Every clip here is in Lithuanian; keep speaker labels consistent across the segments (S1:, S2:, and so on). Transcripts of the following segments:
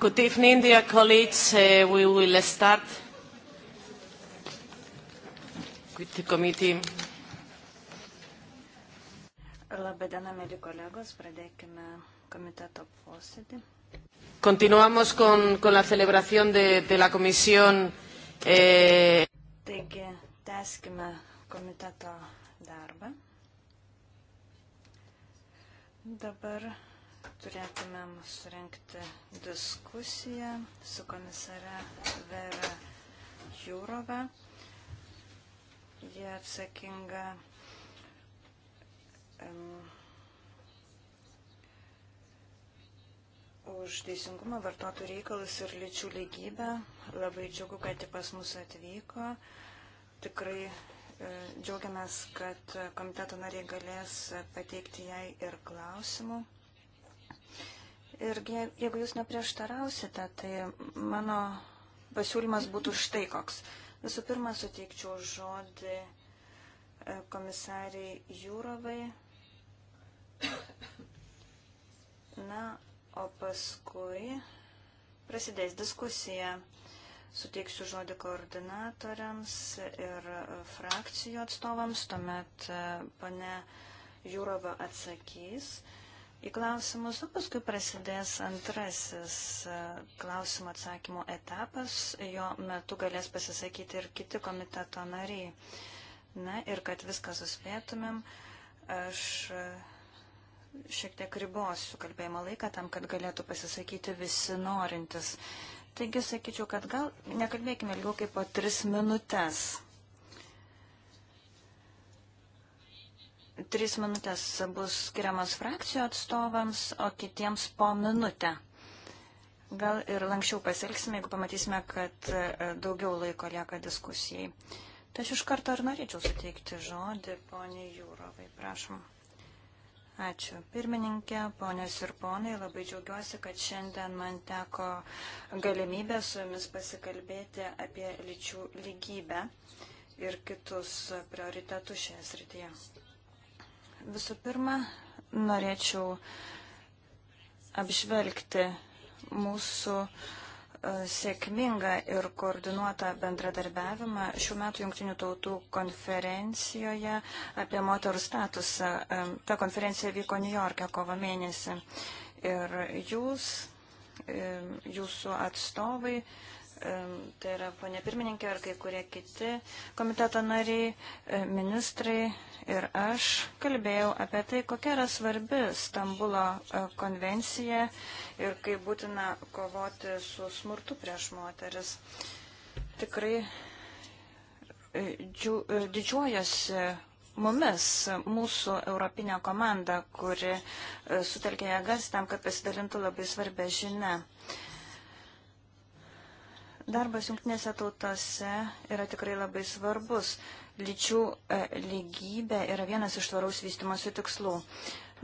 S1: Good evening, dear colleagues. Uh, we will start with the committee.
S2: Labadiena, mėly kolegos, pradėkime komiteto posėdį.
S1: Continuamos con, con la celebración de, de la comisión. Eh...
S2: Taigi, tęskime komiteto darbą. Dabar turėtumėm surenkti diskusiją su komisare Vera Jūrova. Jie atsakinga um, už teisingumą, vartotojų reikalus ir lyčių lygybę. Labai džiugu, kad ji pas mus atvyko. Tikrai e, džiaugiamės, kad komiteto nariai galės pateikti jai ir klausimų. Ir jeigu jūs neprieštarausite, tai mano pasiūlymas būtų štai koks. Visų pirma, suteikčiau žodį e, komisariai Jūrovai. Na, o paskui prasidės diskusija. Suteiksiu žodį koordinatoriams ir e, frakcijų atstovams, tuomet e, pane Jūrova atsakys į klausimus, o paskui prasidės antrasis e, klausimo atsakymo etapas, jo metu galės pasisakyti ir kiti komiteto nariai. Na ir kad viską suspėtumėm, aš e, šiek tiek ribosiu kalbėjimo laiką tam, kad galėtų pasisakyti visi norintis. Taigi sakyčiau, kad gal nekalbėkime ilgiau kaip po tris minutės. Trys minutės bus skiriamas frakcijų atstovams, o kitiems po minutę. Gal ir lankščiau pasilgsime, jeigu pamatysime, kad e, daugiau laiko lieka diskusijai. Tai aš iš karto ir norėčiau suteikti žodį poniai Jūrovai. Prašom. Ačiū. Pirmininkė, ponės ir ponai, labai džiaugiuosi, kad šiandien man teko galimybę su jumis pasikalbėti apie lyčių lygybę ir kitus prioritetus šioje srityje. Visų pirma, norėčiau apžvelgti mūsų e, sėkmingą ir koordinuotą bendradarbiavimą šių metų Junktinių tautų konferencijoje apie moterų statusą. E, ta konferencija vyko New York'e kovo mėnesį. Ir jūs, e, jūsų atstovai tai yra ponė pirmininkė ar kai kurie kiti komiteto nariai, e, ministrai ir aš kalbėjau apie tai, kokia yra svarbi Stambulo e, konvencija ir kaip būtina kovoti su smurtu prieš moteris. Tikrai e, didžiuojasi mumis, mūsų europinė komanda, kuri sutelkė jėgas tam, kad pasidalintų labai svarbę žinę. Darbas jungtinėse tautose yra tikrai labai svarbus. Lyčių e, lygybė yra vienas iš tvaraus vystimosi tikslų.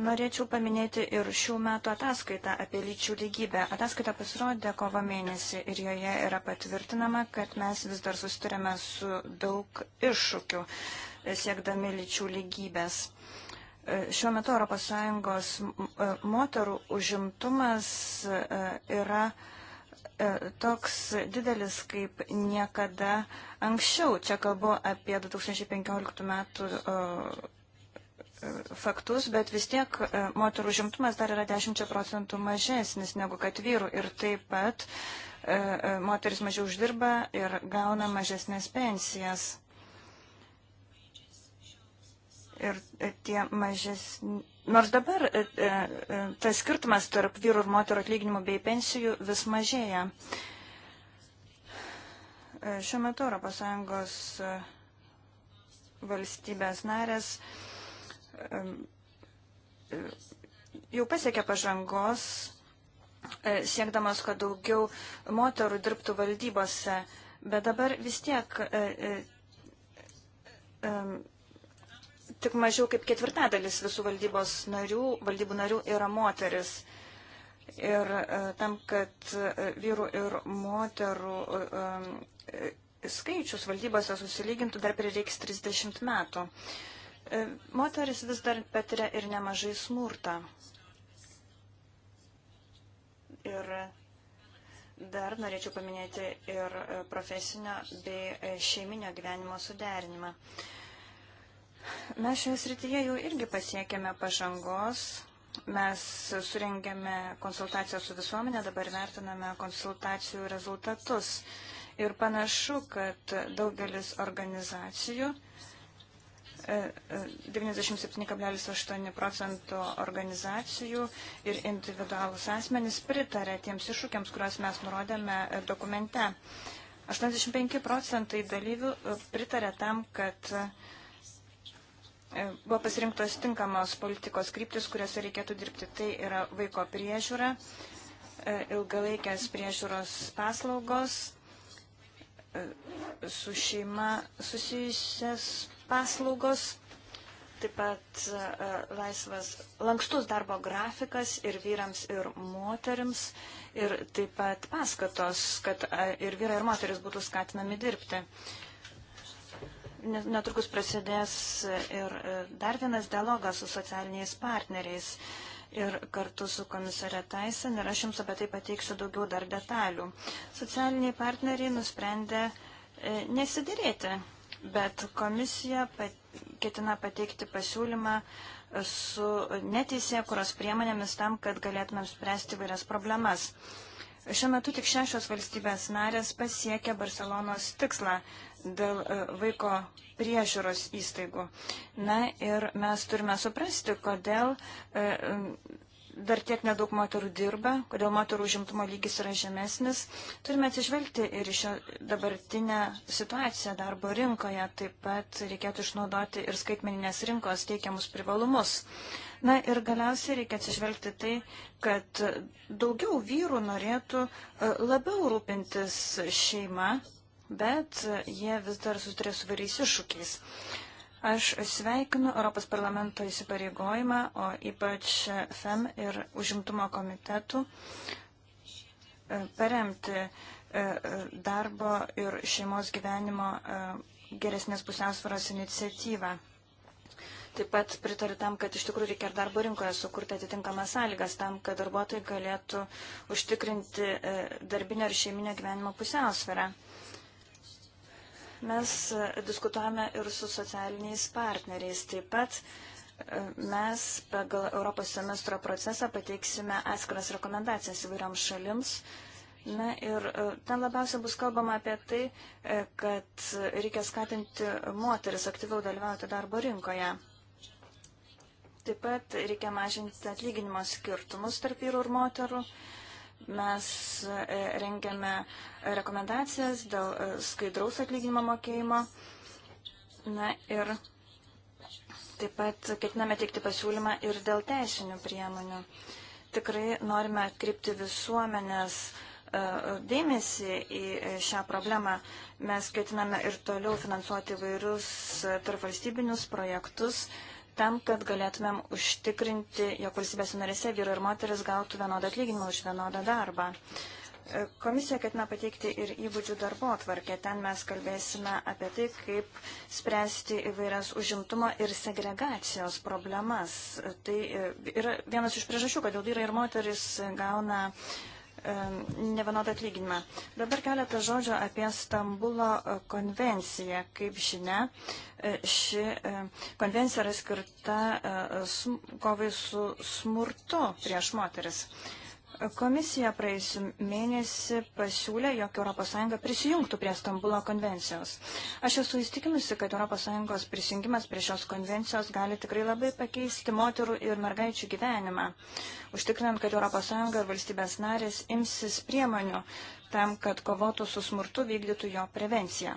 S2: Norėčiau paminėti ir šių metų ataskaitą apie lyčių lygybę. Ataskaita pasirodė kovo mėnesį ir joje yra patvirtinama, kad mes vis dar sustarėme su daug iššūkių e, siekdami lyčių lygybės. E, šiuo metu ES moterų užimtumas yra E, toks didelis kaip niekada anksčiau. Čia kalbu apie 2015 metų e, e, faktus, bet vis tiek moterų žimtumas dar yra 10 procentų mažesnis negu kad vyrų ir taip pat moteris mažiau uždirba ir gauna mažesnės pensijas. Ir tie mažesni Nors dabar e, e, e, tas skirtumas tarp vyrų ir moterų atlyginimų bei pensijų vis mažėja. Šiuo metu ES valstybės narės jau pasiekė pažangos, siekdamas, kad daugiau moterų dirbtų valdybose, bet dabar vis tiek tik mažiau kaip ketvirtadalis visų valdybos narių, valdybų narių yra moteris. Ir e, tam, kad e, vyrų ir moterų e, skaičius valdybose susilygintų, dar prireiks 30 metų. Moteris vis dar patiria ir nemažai smurtą. Ir Dar norėčiau paminėti ir profesinio bei šeiminio gyvenimo suderinimą. Mes šioje srityje jau irgi pasiekėme pažangos. Mes surengėme konsultaciją su visuomenė, dabar vertiname konsultacijų rezultatus. Ir panašu, kad daugelis organizacijų, 97,8 e, e, procentų organizacijų ir individualus asmenys pritarė tiems iššūkiams, kuriuos mes nurodėme dokumente. 85 procentai dalyvių e, pritarė tam, kad E, buvo pasirinktos tinkamos politikos kryptis, kuriuose reikėtų dirbti. Tai yra vaiko priežiūra, e, ilgalaikės priežiūros paslaugos, e, su šeima susijusias paslaugos, taip pat laisvas lankstus darbo grafikas ir vyrams, ir moteriams, ir taip pat paskatos, kad ir vyrai, ir moteris būtų skatinami dirbti netrukus prasidės ir e, dar vienas dialogas su socialiniais partneriais ir kartu su komisare Taisen ir aš jums apie tai pateiksiu daugiau dar detalių. Socialiniai partneriai nusprendė e, nesidėrėti, bet komisija ketina pateikti pasiūlymą e, su neteisė, kurios priemonėmis tam, kad galėtumėm spręsti vairias problemas. Šiuo metu tik šešios valstybės narės pasiekė Barcelonos tikslą dėl e, vaiko priežiūros įstaigų. Na ir mes turime suprasti, kodėl e, dar tiek nedaug moterų dirba, kodėl moterų užimtumo lygis yra žemesnis. Turime atsižvelgti ir šio dabartinę situaciją darbo rinkoje, taip pat reikėtų išnaudoti ir skaitmeninės rinkos teikiamus privalumus. Na ir galiausiai reikia atsižvelgti tai, kad daugiau vyrų norėtų e, labiau rūpintis šeima, bet jie vis dar susiduria su vairiais iššūkiais. Aš sveikinu Europos parlamento įsipareigojimą, o ypač FEM ir užimtumo komitetų e, paremti e, e, darbo ir šeimos gyvenimo geresnės pusiausvaros iniciatyvą. Taip pat pritariu tam, kad iš tikrųjų reikia ir darbo rinkoje sukurti atitinkamas sąlygas tam, kad darbuotojai galėtų užtikrinti darbinę ir šeiminę gyvenimo pusiausvyrą. Mes e, diskutuojame ir su socialiniais partneriais. Taip pat e, mes pagal Europos semestro procesą pateiksime atskiras rekomendacijas įvairioms šalims. Na ir e, ten labiausiai bus kalbama apie tai, kad reikia skatinti moteris aktyviau dalyvauti darbo rinkoje. Taip pat reikia mažinti atlyginimo skirtumus tarp vyrų ir moterų. Uh, Mes e, rengiame rekomendacijas dėl e, skaidraus atlyginimo mokėjimo. Na ir taip pat ketiname teikti pasiūlymą ir dėl teisinių priemonių. Tikrai norime atkreipti visuomenės e, dėmesį į šią problemą. Mes ketiname ir toliau finansuoti vairius tarpvalstybinius projektus, tam, kad galėtumėm užtikrinti, jog valstybės narėse vyrai ir moteris gautų vienodą atlyginimą už vienodą darbą. E, komisija ketina pateikti ir įgūdžių darbo atvarkę. Ten mes kalbėsime apie tai, kaip spręsti įvairias užimtumo ir segregacijos problemas. E, tai e, yra vienas iš priežasčių, kodėl vyrai ir moteris gauna uh, E, nevienodą atlyginimą. Dabar keletą žodžių apie Stambulo e, konvenciją. Kaip žinia, e, ši konvencija yra skirta kovai su smurtu prieš moteris. Komisija praėjusiu mėnesį pasiūlė, jog ES prisijungtų prie Stambulo konvencijos. Aš esu įstikinusi, kad ES prisijungimas prie šios konvencijos gali tikrai labai pakeisti moterų ir mergaičių gyvenimą, užtikrinant, kad ES ir valstybės narės imsis priemonių tam, kad kovotų su smurtu vykdytų jo prevenciją.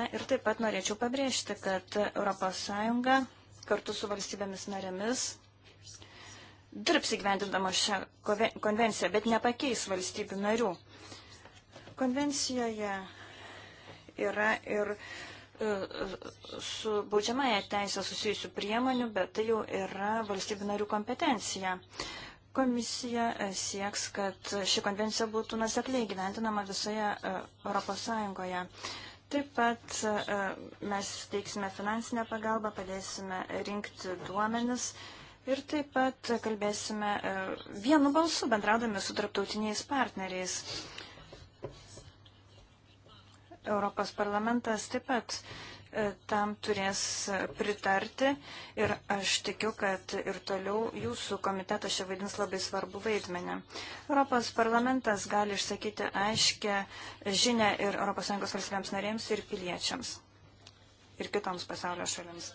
S2: Na ir taip pat norėčiau pabrėžti, kad ES kartu su valstybėmis narėmis dirbs įgyvendindama šią konvenciją, bet nepakeis valstybių narių. Konvencijoje yra ir e, su baudžiamąją teisę susijusių priemonių, bet tai jau yra valstybių narių kompetencija. Komisija e, sieks, kad ši konvencija būtų nusekliai gyventinama visoje e, Europos Sąjungoje. Taip pat mes teiksime finansinę pagalbą, padėsime rinkti duomenis, Ir taip pat kalbėsime e, vienu balsu, bendraudami su tarptautiniais partneriais. Europos parlamentas taip pat e, tam turės pritarti ir aš tikiu, kad ir toliau jūsų komitetas čia vaidins labai svarbu vaidmenį. Europos parlamentas gali išsakyti aiškę žinę ir ES valstybėms narėms ir piliečiams ir kitoms pasaulio šalims.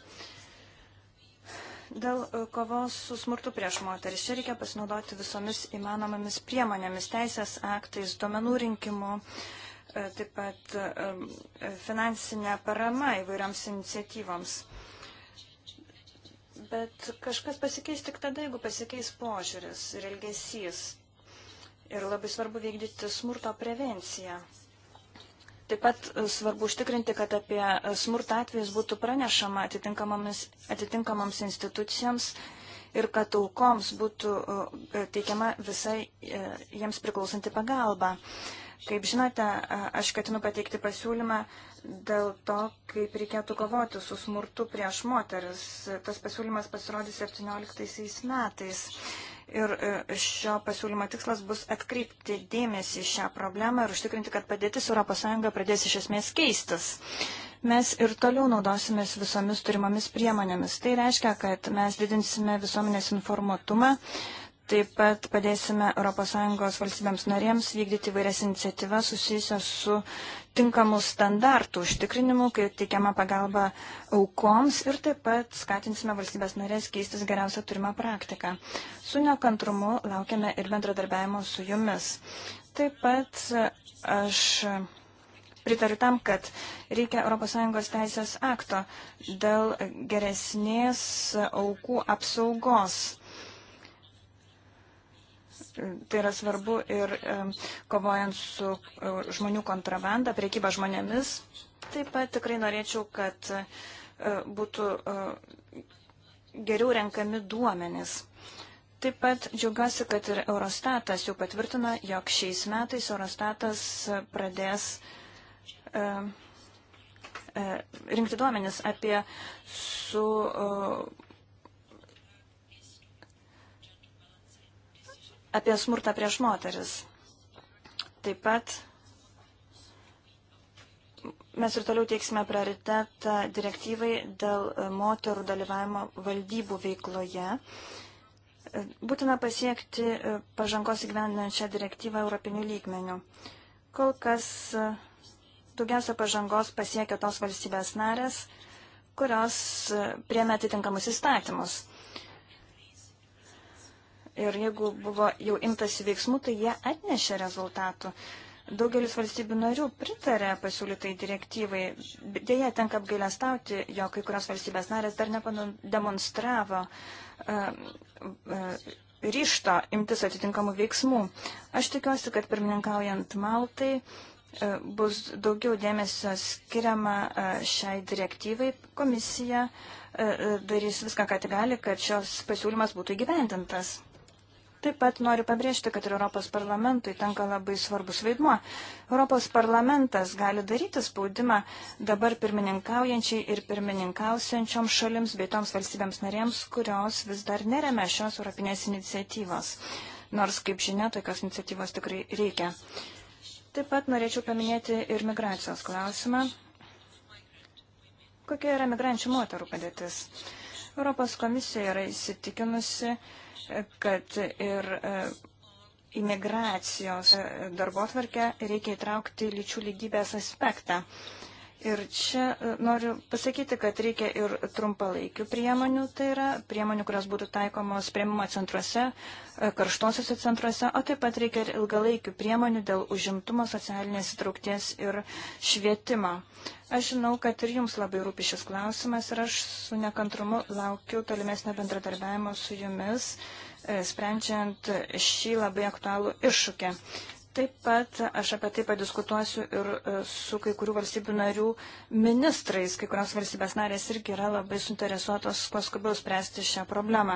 S2: Dėl e, kovos su smurtu prieš moteris čia reikia pasinaudoti visomis įmanomomis priemonėmis, teisės aktais, duomenų rinkimu, e, taip pat e, finansinė parama įvairioms iniciatyvoms. Bet kažkas pasikeis tik tada, jeigu pasikeis požiūris ir elgesys. Ir labai svarbu vykdyti smurto prevenciją. Taip pat e, svarbu užtikrinti, kad apie e, smurtą atvejus būtų pranešama atitinkamoms institucijoms ir kad aukoms būtų e, teikiama visai jiems priklausanti pagalba. Kaip žinote, aš ketinu pateikti pasiūlymą dėl to, kaip reikėtų kovoti su smurtu prieš moteris. Tas pasiūlymas pasirodys 17 metais. Ir e, šio pasiūlymo tikslas bus atkreipti dėmesį šią problemą ir užtikrinti, kad padėtis ES pradės iš esmės keistis. Mes ir toliau naudosimės visomis turimomis priemonėmis. Tai reiškia, kad mes didinsime visuomenės informuotumą, Taip pat padėsime ES valstybėms norėms vykdyti vairias iniciatyvas susijusias su tinkamų standartų užtikrinimu, kai teikiama pagalba aukoms ir taip pat skatinsime valstybės norės keistis geriausią turimą praktiką. Su nekantrumu laukiame ir bendradarbiavimo su jumis. Taip pat e, aš pritariu tam, kad reikia ES teisės akto dėl geresnės aukų apsaugos. Tai yra svarbu ir kovojant su e, žmonių kontrabanda, priekyba žmonėmis. Taip pat tikrai norėčiau, kad e, būtų e, geriau renkami duomenys. Taip pat džiaugiuosi, kad ir Eurostatas jau patvirtino, jog šiais metais Eurostatas pradės rinkti duomenis apie su apie smurtą prieš moteris. Taip pat mes ir toliau teiksime prioritetą direktyvai dėl moterų dalyvavimo valdybų veikloje. Būtina pasiekti pažangos įgyvendinant šią direktyvą europinių lygmenių. Kol kas daugiausia pažangos pasiekia tos valstybės narės, kurios priemė atitinkamus įstatymus. Ir jeigu buvo jau imtasi veiksmų, tai jie atnešė rezultatų. Daugelis valstybių narių pritarė pasiūlytai direktyvai. Dėja, tenka apgailestauti, jo kai kurios valstybės narės dar nepademonstravo uh, e, uh, e, ryšto imtis atitinkamų veiksmų. Aš tikiuosi, kad pirmininkaujant Maltai uh, bus daugiau dėmesio skiriama šiai direktyvai. Komisija darys viską, ką tik gali, kad šios pasiūlymas būtų įgyvendintas. Taip pat noriu pabrėžti, kad ir Europos parlamentui tenka labai svarbus vaidmuo. Europos parlamentas gali daryti spaudimą dabar pirmininkaujančiai ir pirmininkausiančiom šalims bei toms valstybėms narėms, kurios vis dar neremia šios europinės iniciatyvos. Nors, kaip žinia, tokios iniciatyvos tikrai reikia. Taip pat norėčiau paminėti ir migracijos klausimą. Kokia yra migrančių moterų padėtis? Europos komisija yra įsitikinusi, kad ir e, imigracijos e, darbo tvarkę reikia įtraukti lyčių lygybės aspektą. Ir čia e, noriu pasakyti, kad reikia ir trumpalaikių priemonių, tai yra priemonių, kurios būtų taikomos prieimimo centruose, e, karštosiuose centruose, o taip pat reikia ir ilgalaikių priemonių dėl užimtumo, socialinės įtraukties ir švietimo. Aš žinau, kad ir jums labai rūpi šis klausimas ir aš su nekantrumu laukiu tolimesnio bendradarbiavimo su jumis, e, sprendžiant šį labai aktualų iššūkį. Taip pat aš apie tai padiskutuosiu ir e, su kai kurių valstybių narių ministrais. Kai kurios valstybės narės irgi yra labai suinteresuotos, kuo skubiau spręsti šią problemą.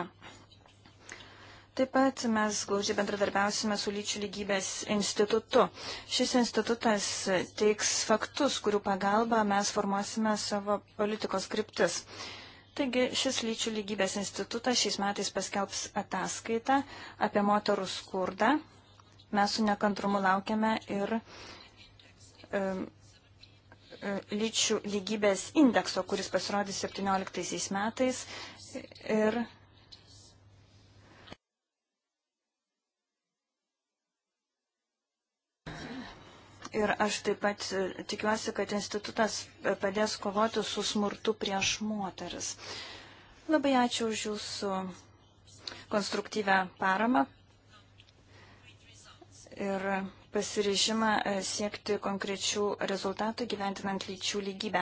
S2: Taip pat mes glaudžiai bendradarbiausime su lyčių lygybės institutu. Šis institutas teiks faktus, kurių pagalba mes formuosime savo politikos kryptis. Taigi šis lyčių lygybės institutas šiais metais paskelbs ataskaitą apie moterų skurdą Mes su nekantrumu laukiame ir um, lyčių lygybės indekso, kuris pasirodys 17 metais. Ir Ir aš taip pat e, tikiuosi, kad institutas e, padės kovoti su smurtu prieš moteris. Labai ačiū už jūsų konstruktyvę paramą, ir pasirežimą e, siekti konkrečių rezultatų gyventinant lyčių lygybę.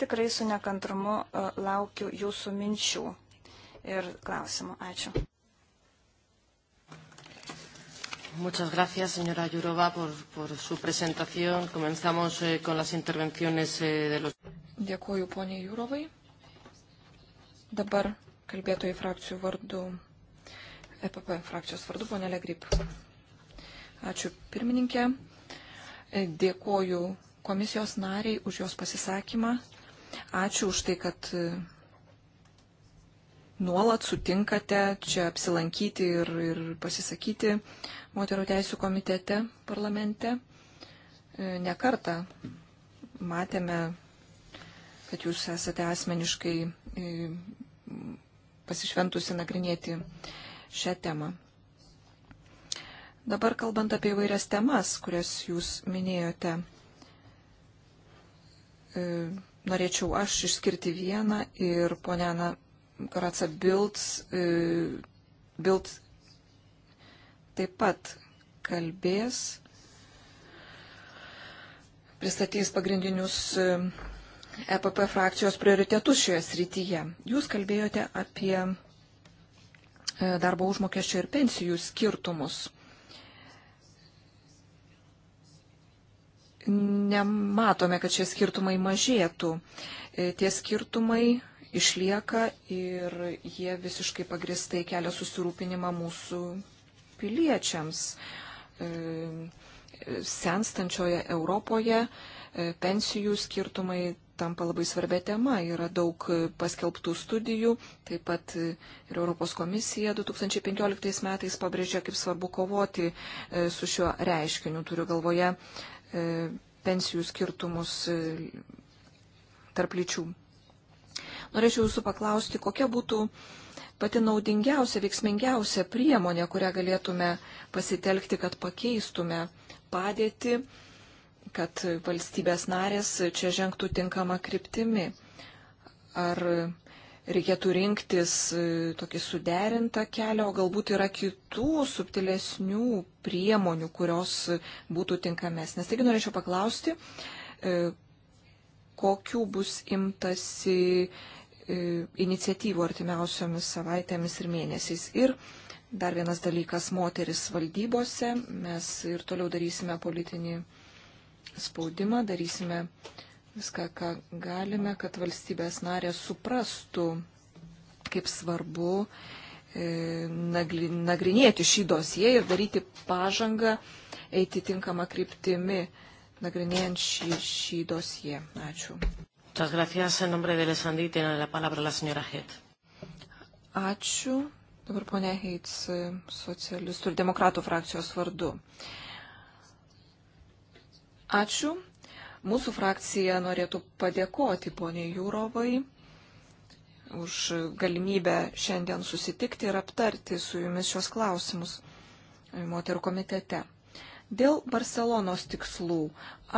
S2: Tikrai su nekantrumu e, laukiu jūsų minčių ir klausimų. Ačiū.
S1: Muchas gracias, señora Yurova, por, por su presentación. Comenzamos eh, con las intervenciones eh, de los.
S3: Dėkuoju, poniai Jurovai. Dabar kalbėtojai frakcijų vardu, EPP frakcijos vardu, ponė Legrip. Ačiū pirmininkė. E, dėkoju komisijos nariai už jos pasisakymą. Ačiū už tai, kad e, nuolat sutinkate čia apsilankyti ir, ir pasisakyti moterų teisų komitete parlamente. E, Nekartą matėme, kad jūs esate asmeniškai pasišventusi nagrinėti šią temą. Dabar kalbant apie įvairias temas, kurias jūs minėjote, e, norėčiau aš išskirti vieną ir ponena Karatsa Bilds, e, Bilds taip pat kalbės, pristatys pagrindinius EPP e frakcijos prioritetus šioje srityje. Jūs kalbėjote apie darbo užmokesčio ir pensijų skirtumus. nematome, kad šie skirtumai mažėtų. E, tie skirtumai išlieka ir jie visiškai pagristai kelia susirūpinimą mūsų piliečiams. E, senstančioje Europoje e, pensijų skirtumai tampa labai svarbia tema. Yra daug paskelbtų studijų, taip pat ir Europos komisija 2015 metais pabrėžė, kaip svarbu kovoti su šiuo reiškiniu. Turiu galvoje E, pensijų skirtumus e, tarp lyčių. Norėčiau jūsų paklausti, kokia būtų pati naudingiausia, veiksmingiausia priemonė, kurią galėtume pasitelkti, kad pakeistume padėtį, kad valstybės narės čia žengtų tinkamą kryptimi. Ar reikėtų rinktis e, tokį suderintą kelią, o galbūt yra kitų subtilesnių priemonių, kurios būtų tinkamesnės. Taigi norėčiau paklausti, e, kokiu bus imtasi e, iniciatyvų artimiausiomis savaitėmis ir mėnesiais. Ir dar vienas dalykas - moteris valdybose. Mes ir toliau darysime politinį spaudimą, darysime uh, viską, ką galime, kad valstybės narės suprastų, kaip svarbu e, nagrinėti šį dosiją ir daryti pažangą, eiti tinkamą kryptimi, nagrinėjant šį, šį dosiją. Ačiū. Ačiū. Dabar ponia Heits, e, socialistų ir demokratų frakcijos vardu. Ačiū. Mūsų frakcija norėtų padėkoti poniai Jūrovai už galimybę šiandien susitikti ir aptarti su jumis šios klausimus moterų komitete. Dėl Barcelonos tikslų.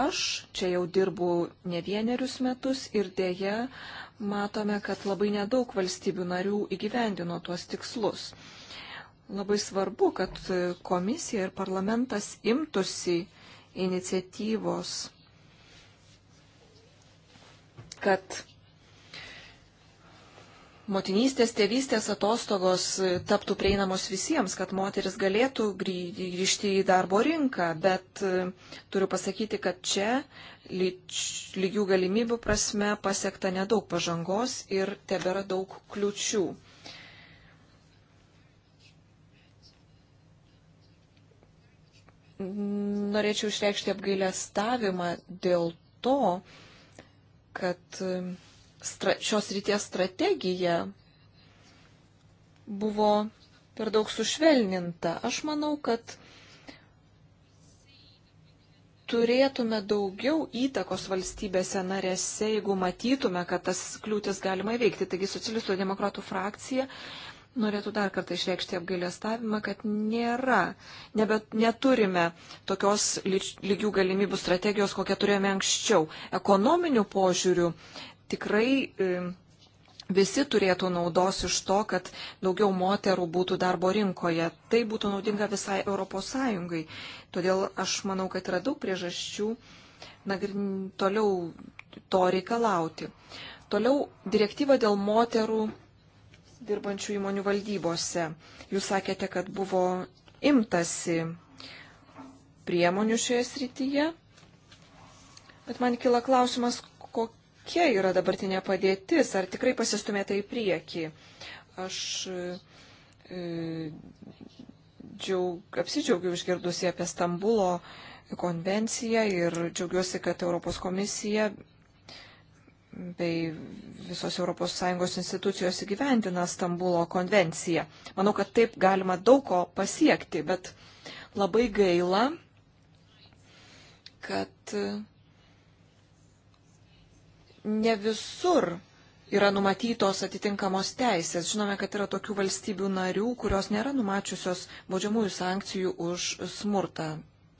S3: Aš čia jau dirbu ne vienerius metus ir dėja matome, kad labai nedaug valstybių narių įgyvendino tuos tikslus. Labai svarbu, kad komisija ir parlamentas imtųsi iniciatyvos kad motinystės, tėvystės atostogos taptų prieinamos visiems, kad moteris galėtų grįžti į darbo rinką, bet e, turiu pasakyti, kad čia lygių galimybių prasme pasiekta nedaug pažangos ir tebėra daug kliučių. Norėčiau išreikšti apgailę stavimą dėl to, kad šios ryties strategija buvo per daug sušvelninta. Aš manau, kad turėtume daugiau įtakos valstybėse narėse, jeigu matytume, kad tas kliūtis galima įveikti. Taigi socialistų demokratų frakcija norėtų dar kartą išreikšti apgailestavimą, kad nėra, nebet, neturime tokios lygių galimybių strategijos, kokią turėjome anksčiau. Ekonominių požiūrių tikrai e, visi turėtų naudos iš to, kad daugiau moterų būtų darbo rinkoje. Tai būtų naudinga visai ES. Todėl aš manau, kad yra daug priežasčių nagrin, toliau to reikalauti. Toliau direktyva dėl moterų dirbančių įmonių valdybose. Jūs sakėte, kad buvo imtasi priemonių šioje srityje, bet man kila klausimas, kokia yra dabartinė padėtis, ar tikrai pasistumėte į priekį. Aš e, džiaug, apsidžiaugiu išgirdusi apie Stambulo konvenciją ir džiaugiuosi, kad Europos komisija bei visos ES institucijos įgyvendina Stambulo konvenciją. Manau, kad taip galima daug ko pasiekti, bet labai gaila, kad e, ne visur yra numatytos atitinkamos teisės. Žinome, kad yra tokių valstybių narių, kurios nėra numačiusios baudžiamųjų sankcijų už smurtą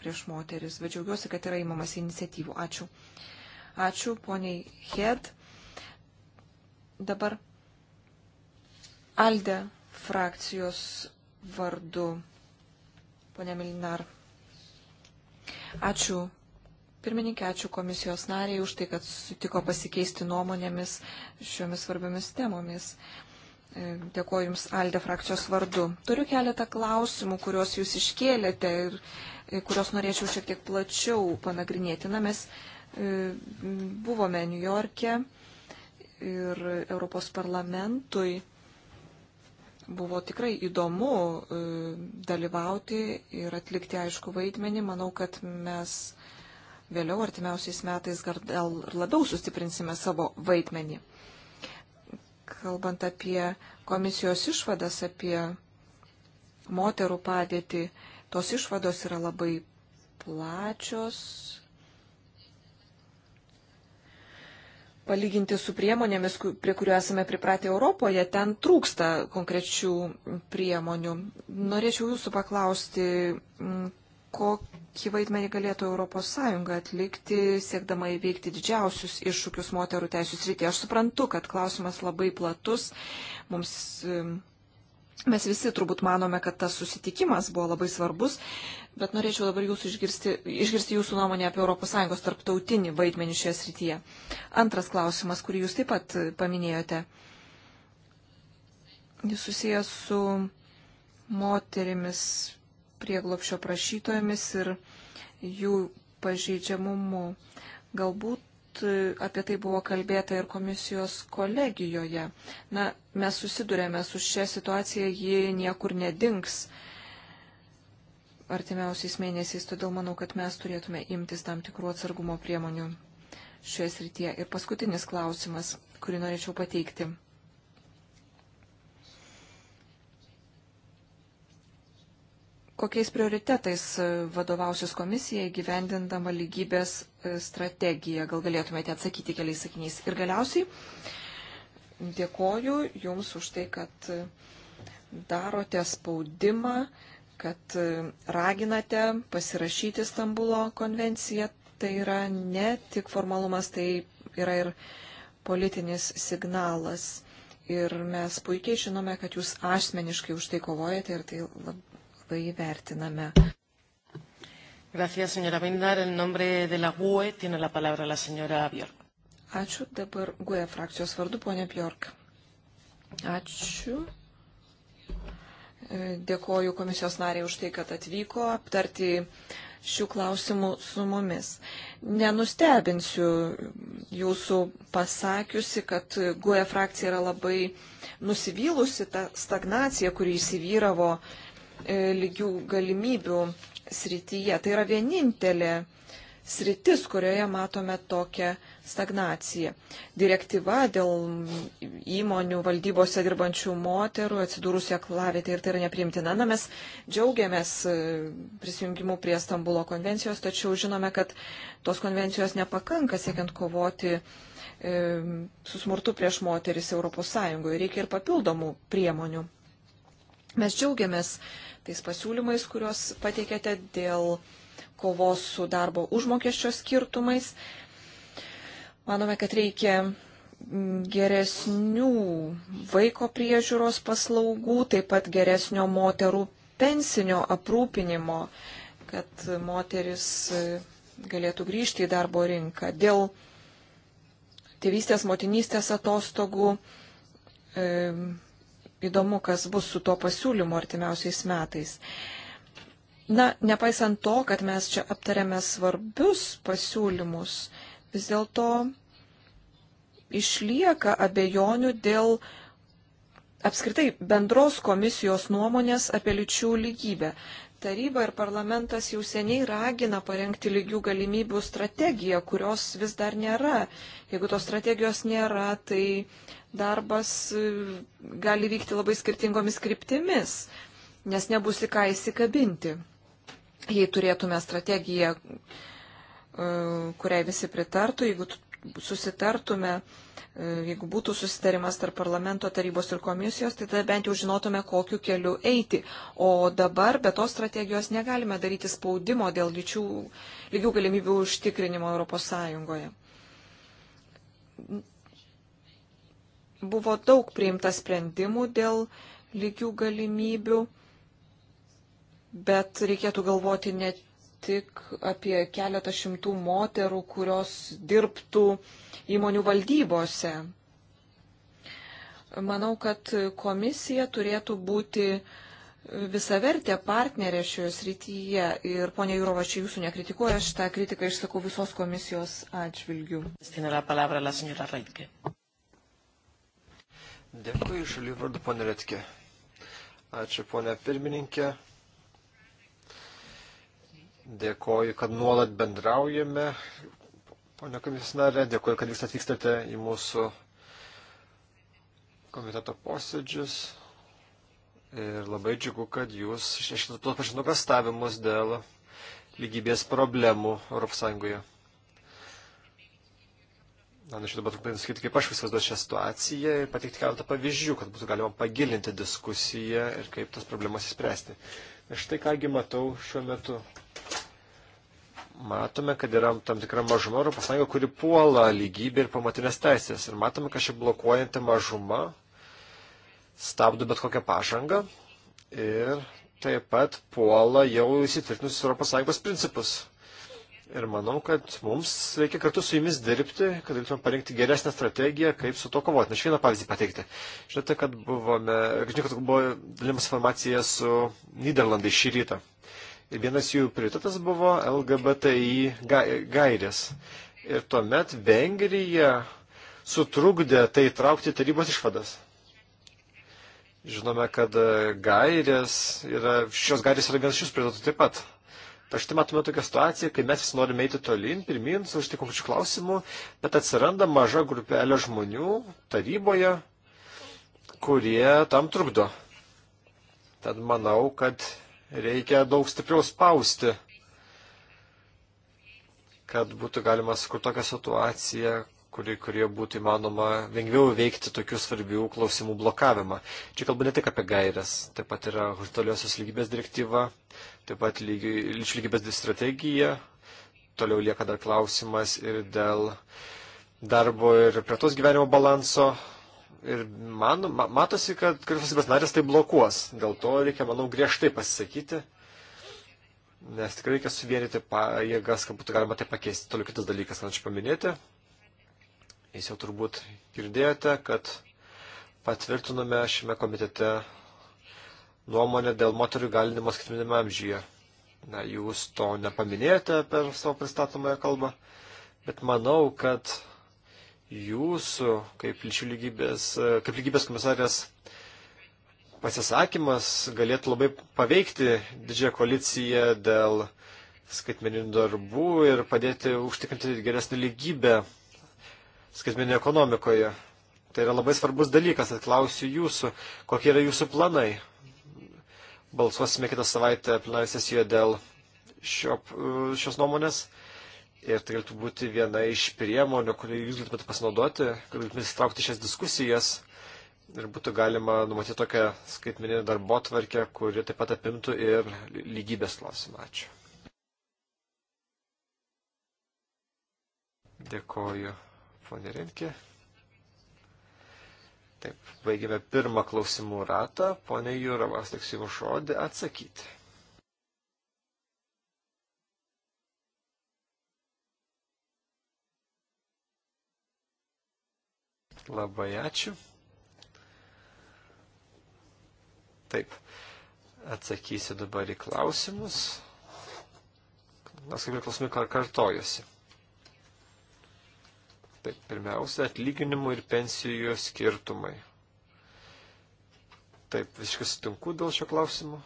S3: prieš moteris, bet džiaugiuosi, kad yra įmamas iniciatyvų. Ačiū. Ačiū, poniai Hed. Dabar Alde frakcijos vardu, ponia Milinar. Ačiū Pirmininkė, ačiū komisijos nariai už tai, kad sutiko pasikeisti nuomonėmis šiomis svarbiomis temomis. E, dėkuoju Jums Alde frakcijos vardu. Turiu keletą klausimų, kuriuos Jūs iškėlėte ir e, kuriuos norėčiau šiek tiek plačiau panagrinėti. Na, mes E, buvome New York'e ir Europos parlamentui buvo tikrai įdomu e, dalyvauti ir atlikti aišku vaidmenį. Manau, kad mes vėliau artimiausiais metais gal labiau sustiprinsime savo vaidmenį. Kalbant apie komisijos išvadas, apie moterų padėtį, tos išvados yra labai plačios palyginti su priemonėmis, prie kurių esame pripratę Europoje, ten trūksta konkrečių priemonių. Norėčiau jūsų paklausti, kokį vaidmenį galėtų ES atlikti, siekdama įveikti didžiausius iššūkius moterų teisų srityje. Aš suprantu, kad klausimas labai platus, mums Mes visi turbūt manome, kad tas susitikimas buvo labai svarbus, bet norėčiau dabar jūsų išgirsti, išgirsti jūsų nuomonę apie ES tarptautinį vaidmenį šioje srityje. Antras klausimas, kurį jūs taip pat paminėjote, jis susijęs su moterimis prieglopšio prašytojomis ir jų pažeidžiamumu. Galbūt E, apie tai buvo kalbėta ir komisijos kolegijoje. Na, mes susidurėme su šia situacija, ji niekur nedings artimiausiais mėnesiais, todėl manau, kad mes turėtume imtis tam tikrų atsargumo priemonių šioje srityje. Ir paskutinis klausimas, kurį norėčiau pateikti. kokiais prioritetais vadovausius komisija gyvendindama lygybės e, strategiją. Gal galėtumėte atsakyti keliais sakiniais. Ir galiausiai dėkoju Jums už tai, kad e, darote spaudimą, kad e, raginate pasirašyti Stambulo konvenciją. Tai yra ne tik formalumas, tai yra ir politinis signalas. Ir mes puikiai žinome, kad jūs asmeniškai už tai kovojate ir tai lab, labai vertiname.
S1: Gracias, señora Bindar. En nombre de la GUE tiene la palabra la señora Bjork.
S3: Ačiū dabar GUE frakcijos vardu, ponė Bjork. Ačiū. Dėkoju komisijos nariai už tai, kad atvyko aptarti šių klausimų su mumis. Nenustebinsiu jūsų pasakiusi, kad GUE frakcija yra labai nusivylusi tą stagnaciją, kuri įsivyravo uh, E, lygių galimybių srityje. Tai yra vienintelė sritis, kurioje matome tokią stagnaciją. Direktyva dėl įmonių valdybose dirbančių moterų atsidūrusi aklavėte ir tai yra neprimtina. Na, mes džiaugiamės e, prisijungimu prie Stambulo konvencijos, tačiau žinome, kad tos konvencijos nepakanka siekiant kovoti e, su smurtu prieš moteris Europos Sąjungoje. Reikia ir papildomų priemonių. Mes džiaugiamės tais pasiūlymais, kuriuos pateikėte dėl kovos su darbo užmokesčio skirtumais. Manome, kad reikia geresnių vaiko priežiūros paslaugų, taip pat geresnio moterų pensinio aprūpinimo, kad moteris galėtų grįžti į darbo rinką. Dėl tėvystės, motinystės atostogų e, įdomu, kas bus su tuo pasiūlymu artimiausiais metais. Na, nepaisant to, kad mes čia aptarėme svarbius pasiūlymus, vis dėlto išlieka abejonių dėl apskritai bendros komisijos nuomonės apie lyčių lygybę. Taryba ir parlamentas jau seniai ragina parengti lygių galimybių strategiją, kurios vis dar nėra. Jeigu tos strategijos nėra, tai darbas e, gali vykti labai skirtingomis kryptimis, nes nebus į ką įsikabinti. Jei turėtume strategiją, e, kuriai visi pritartų, jeigu susitartume, E, jeigu būtų susitarimas tarp parlamento tarybos ir komisijos, tai tada bent jau žinotume, kokiu keliu eiti. O dabar be tos strategijos negalime daryti spaudimo dėl lyčių, lygių galimybių užtikrinimo ES. Buvo daug priimta sprendimų dėl lygių galimybių, bet reikėtų galvoti ne tik apie keletą šimtų moterų, kurios dirbtų įmonių valdybose. Manau, kad komisija turėtų būti visavertė partnerė šioje srityje. Ir ponia Jūrova, čia jūsų nekritikuoju, aš tą kritiką išsakau visos komisijos atžvilgių.
S4: Dėkui, šalių vardu, ponia Retke. Ačiū, ponia pirmininkė. Dėkoju, kad nuolat bendraujame. Pone komisijos narė, dėkoju, kad vis atvykstate į mūsų komiteto posėdžius. Ir labai džiugu, kad jūs išreiškite tuos pačius nugastavimus dėl lygybės problemų ES. Na, norėčiau dabar trumpai nusakyti, kaip aš įsivaizduoju šią situaciją ir pateikti keletą pavyzdžių, kad būtų galima pagilinti diskusiją ir kaip tas problemas įspręsti. Ir štai kągi matau šiuo metu matome, kad yra tam tikra mažuma Europos Sąjunga, kuri puola lygybę ir pamatinės teisės. Ir matome, kad ši blokuojanti mažuma stabdo bet kokią pažangą ir taip pat puola jau įsitvirtinusius Europos Sąjungos principus. Ir manau, kad mums reikia kartu su jumis dirbti, kad galėtume parinkti geresnę strategiją, kaip su to kovoti. Aš vieną pavyzdį pateikti. Žinote, kad buvome, žinote, kad buvo dalymas informacija su Niderlandai šį rytą. Ir vienas jų prioritetas buvo LGBTI gairės. Ir tuomet Vengrija sutrukdė tai traukti tarybos išvadas. Žinome, kad e, gairės yra, šios gairės yra vienas iš jūsų prioritetų taip pat. Tai štai matome tokią situaciją, kai mes vis norime eiti tolin, pirmin, su štai konkrečiu klausimu, bet atsiranda maža grupelė žmonių taryboje, kurie tam trukdo. Tad manau, kad reikia daug stipriau spausti, kad būtų galima sukurti tokią situaciją, kuri, kurie būtų įmanoma lengviau veikti tokių svarbių klausimų blokavimą. Čia kalbu ne tik apie gairias, taip pat yra horizontaliosios lygybės direktyva, taip pat lyčių lygybės strategija, toliau lieka dar klausimas ir dėl darbo ir prie tos gyvenimo balanso ir man, matosi, kad kurios valstybės narės tai blokuos. Dėl to reikia, manau, griežtai pasisakyti, nes tikrai reikia suvienyti pajėgas, kad būtų galima tai pakeisti. Toliau kitas dalykas, ką aš paminėti. Jūs jau turbūt girdėjote, kad patvirtinome šiame komitete nuomonę dėl moterių galinimo skaitminėme amžyje. Na, jūs to nepaminėjote per savo pristatomąją kalbą, bet manau, kad jūsų, kaip lygybės, kaip lygybės komisarės pasisakymas galėtų labai paveikti didžiąją koaliciją dėl skaitmeninių darbų ir padėti užtikrinti geresnį lygybę skaitmeninėje ekonomikoje. Tai yra labai svarbus dalykas, atklausiu jūsų, kokie yra jūsų planai. Balsuosime kitą savaitę plenarinėje sesijoje dėl šio, šios nuomonės. Ir tai galėtų būti viena iš priemonių, kurį jūs galėtumėte pasinaudoti, kad galėtumėte įsitraukti šias diskusijas ir būtų galima numatyti tokią skaitmeninę darbo tvarkę, kuri taip pat apimtų ir lygybės klausimą. Ačiū. Dėkoju, ponė Rinkė. Taip, baigėme pirmą klausimų ratą. Pone Jūravas, teks jums žodį atsakyti. Labai ačiū. Taip, atsakysiu dabar į klausimus. Nors kaip ir klausimai kartojosi. Taip, pirmiausia, atlyginimų ir pensijų skirtumai. Taip, visiškai sutinku dėl šio klausimo.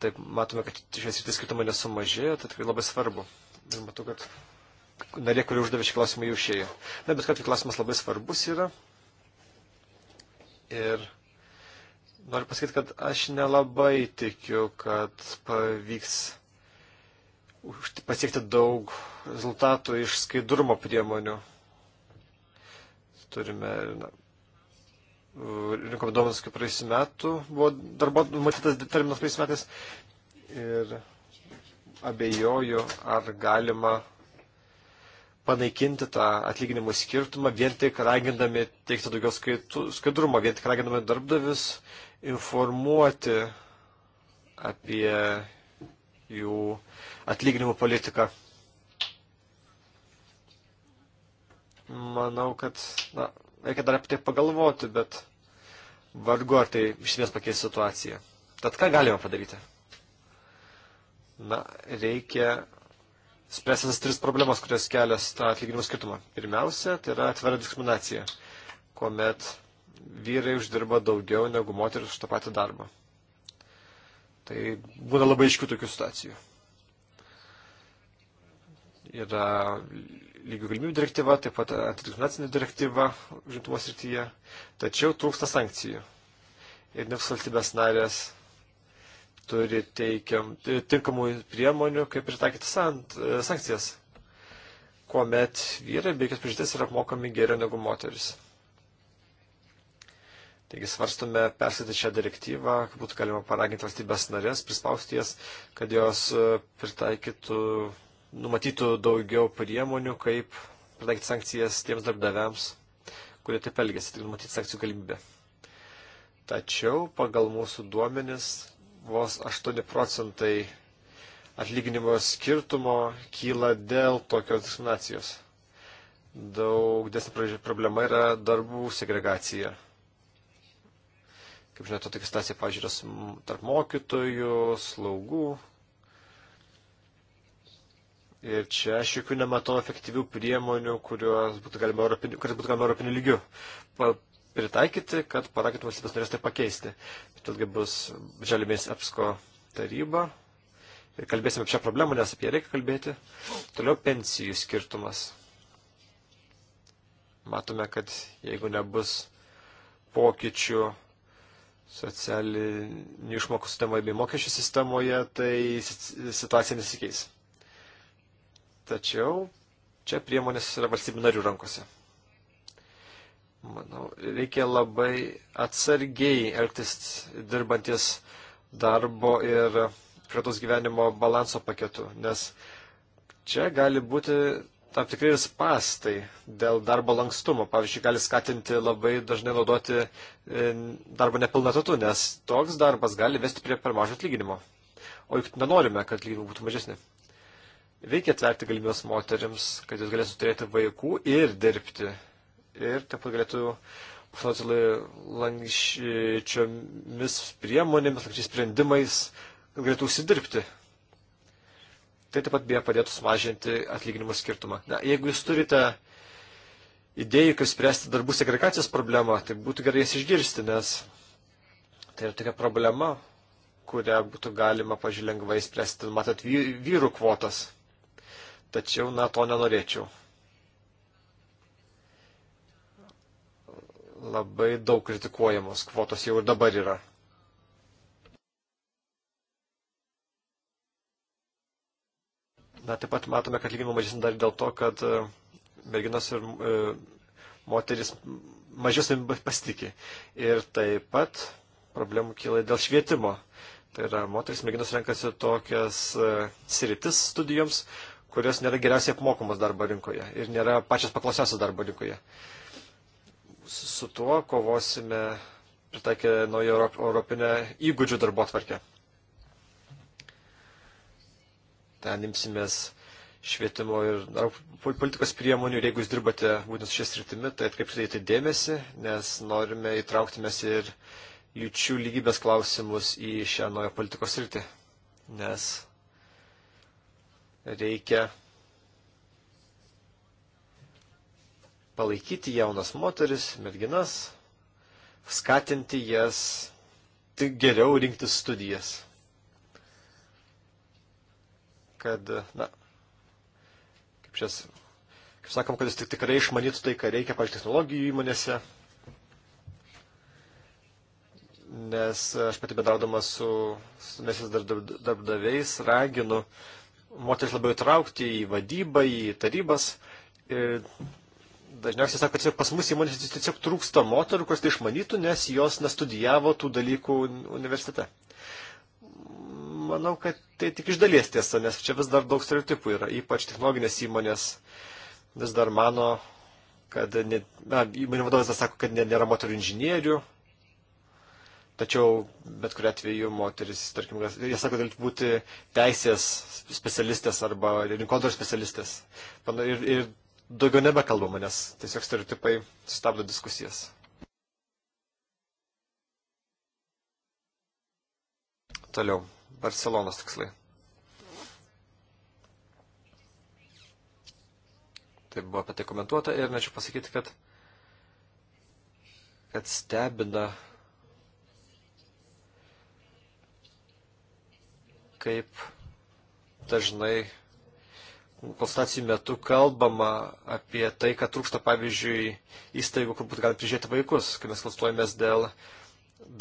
S4: Taip, matome, kad šios rytis skirtumai nesumažėjo, tai tikrai labai svarbu. Ir matau, kad narė, kurie uždavė šį klausimą, jau išėjo. Na, bet kad klausimas labai svarbus yra. Ir noriu pasakyti, kad aš nelabai tikiu, kad pavyks pasiekti daug rezultatų iš skaidrumo priemonių. Turime na, rinkom duomenis, kaip praeisį metų buvo darbo numatytas terminas praeisį metais ir abejoju, ar galima panaikinti tą atlyginimų skirtumą, vien tik ragindami teikti daugiau skaidrumo, vien tik ragindami darbdavius informuoti apie jų atlyginimų politiką. Manau, kad na, reikia dar apie tai pagalvoti, bet vargu ar tai iš ties pakeis situaciją. Tad ką galima padaryti? Na, reikia spręsęs tris problemas, kurias kelia tą atlyginimų skirtumą. Pirmiausia, tai yra atvira diskriminacija, kuomet vyrai uždirba daugiau negu moteris už tą patį darbą. Tai būna labai iškių tokių situacijų. Yra lygių galimybių direktyva, taip pat antidiskriminacinė direktyva užimtumo srityje, tačiau trūksta sankcijų. Ir ne visos valstybės narės turi teikiam, e, tinkamų priemonių, kaip pritaikyti sant, e, sankcijas, kuomet vyrai be jokios priežasties yra apmokami geriau negu moteris. Taigi svarstome perskaityti šią direktyvą, kad būtų galima paraginti valstybės narės, prispausti jas, kad jos e, pritaikytų numatytų daugiau priemonių, kaip pritaikyti sankcijas tiems darbdaviams, kurie taip elgesi, tik numatyti sankcijų galimybę. Tačiau pagal mūsų duomenis vos 8 procentai atlyginimo skirtumo kyla dėl tokios diskriminacijos. Daug desnė problema yra darbų segregacija. Kaip žinote, tokia situacija, pažiūrės, tarp mokytojų, slaugų Ir čia aš jokių nematau efektyvių priemonių, kurios būtų galima europinių, kurias būtų galima europinių lygių pa, pritaikyti, kad paragintų valstybės norės tai pakeisti. Todėl bus žalimės EPSCO taryba. Ir kalbėsime apie šią problemą, nes apie ją reikia kalbėti. Toliau pensijų skirtumas. Matome, kad jeigu nebus pokyčių socialinių išmokų sistemoje bei mokesčių sistemoje, tai situacija nesikeis. Tačiau čia priemonės yra valstybių narių rankose. Manau, reikia labai atsargiai elgtis dirbantis darbo ir prietos gyvenimo balanso paketu, nes čia gali būti tam tikri ir spastai dėl darbo lankstumo. Pavyzdžiui, gali skatinti labai dažnai naudoti e, darbą nepilnatatu, nes toks darbas gali vesti prie per mažo atlyginimo. O juk nenorime, kad atlyginimai būtų mažesni. Reikia atverti galimybės moteriams, kad jos galėtų turėti vaikų ir dirbti. Ir taip pat galėtų pasinaudoti lankščiomis priemonėmis, lankščiais sprendimais, kad galėtų užsidirbti. Tai taip pat beje padėtų sumažinti atlyginimo skirtumą. Na, jeigu jūs turite idėjų, kaip spręsti darbų segregacijos problemą, tai būtų gerai jas išgirsti, nes tai yra tokia problema, kurią būtų galima, pažiūrėjau, lengvai spręsti, matot, vyrų kvotas. Tačiau, na, to nenorėčiau. Labai daug kritikuojamos kvotos jau ir dabar yra. Na, taip pat matome, kad lyginimą mažesnį dar dėl to, kad e, merginos ir e, moteris mažiau savimi pasitikė. Ir taip pat problemų kyla dėl švietimo. Tai yra, moteris merginos renkasi tokias e, sritis studijoms, kurios nėra geriausiai apmokamos darbo rinkoje ir nėra pačios paklausiausios darbo rinkoje. Su tuo kovosime pritaikę naują europinę įgūdžių darbo atvarkę. Ten imsimės švietimo ir politikos priemonių ir jeigu jūs dirbate būtent su šia sritimi, tai atkreipsite į tai dėmesį, nes norime įtraukti mes ir lyčių lygybės klausimus į šią naują politikos sritį. Nes reikia palaikyti jaunas moteris, merginas, skatinti jas tik geriau rinktis studijas. Kad, na, kaip šias, kaip sakom, kad jis tik tikrai išmanytų tai, ką reikia, pavyzdžiui, technologijų įmonėse. Nes aš pati bedardamas su, su mesės darbdaviais raginu uh, moteris labiau įtraukti į vadybą, į tarybas. Ir dažniausiai sako, kad pas mus įmonės tiesiog trūksta moterų, kurios tai išmanytų, nes jos nestudijavo tų dalykų universitete. Manau, kad tai tik iš dalies tiesa, nes čia vis dar daug stereotipų yra. Ypač technologinės įmonės vis dar mano, kad, ne, na, įmonių vadovas sako, kad nėra moterų inžinierių, Tačiau bet kuriu atveju moteris, tarkim, jie sako, galite būti teisės specialistės arba rinkodaros specialistės. Ir, ir daugiau nebekalbama, nes tiesiog stereotipai stabdo diskusijas. Toliau. Barcelonos tikslai. Tai buvo apie tai komentuota ir norėčiau pasakyti, kad, kad stebina kaip dažnai konsultacijų metu kalbama apie tai, kad trūksta, pavyzdžiui, įstaigų, kur būtų galima prižiūrėti vaikus, kai mes konsultuojamės dėl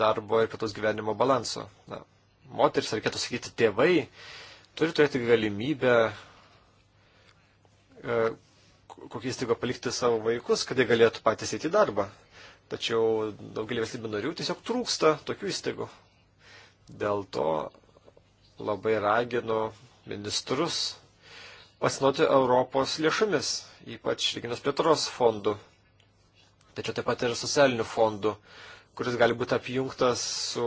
S4: darbo ir kitos gyvenimo balanso. Na, moteris, reikėtų sakyti, tėvai turi turėti galimybę e, kokį įstaigą palikti savo vaikus, kad jie galėtų patys eiti į darbą. Tačiau daugelį valstybių narių tiesiog trūksta tokių įstaigų. Dėl to labai ragino ministrus pasinauti Europos lėšomis, ypač lyginos plėtros fondų, tačiau taip pat ir socialinių fondų, kuris gali būti apjungtas su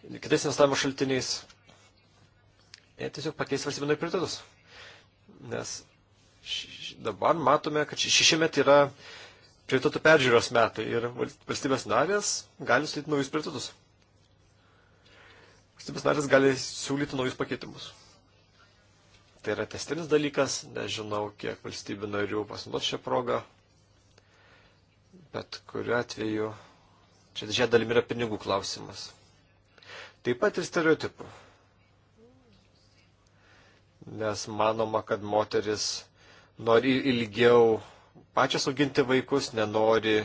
S4: kitais investavimo šaltiniais. Ir tiesiog pakeisti valstybinų prioritetus. Nes dabar matome, kad šešimet yra prioritetų peržiūros metai ir valstybės narės gali sudėti naujus prioritetus valstybės narės gali siūlyti naujus pakeitimus. Tai yra testinis dalykas, nežinau, kiek valstybių narių pasinaudos šią progą, bet kuriu atveju čia didžiąją dalimi yra pinigų klausimas. Taip pat ir stereotipų. Nes manoma, kad moteris nori ilgiau pačios auginti vaikus, nenori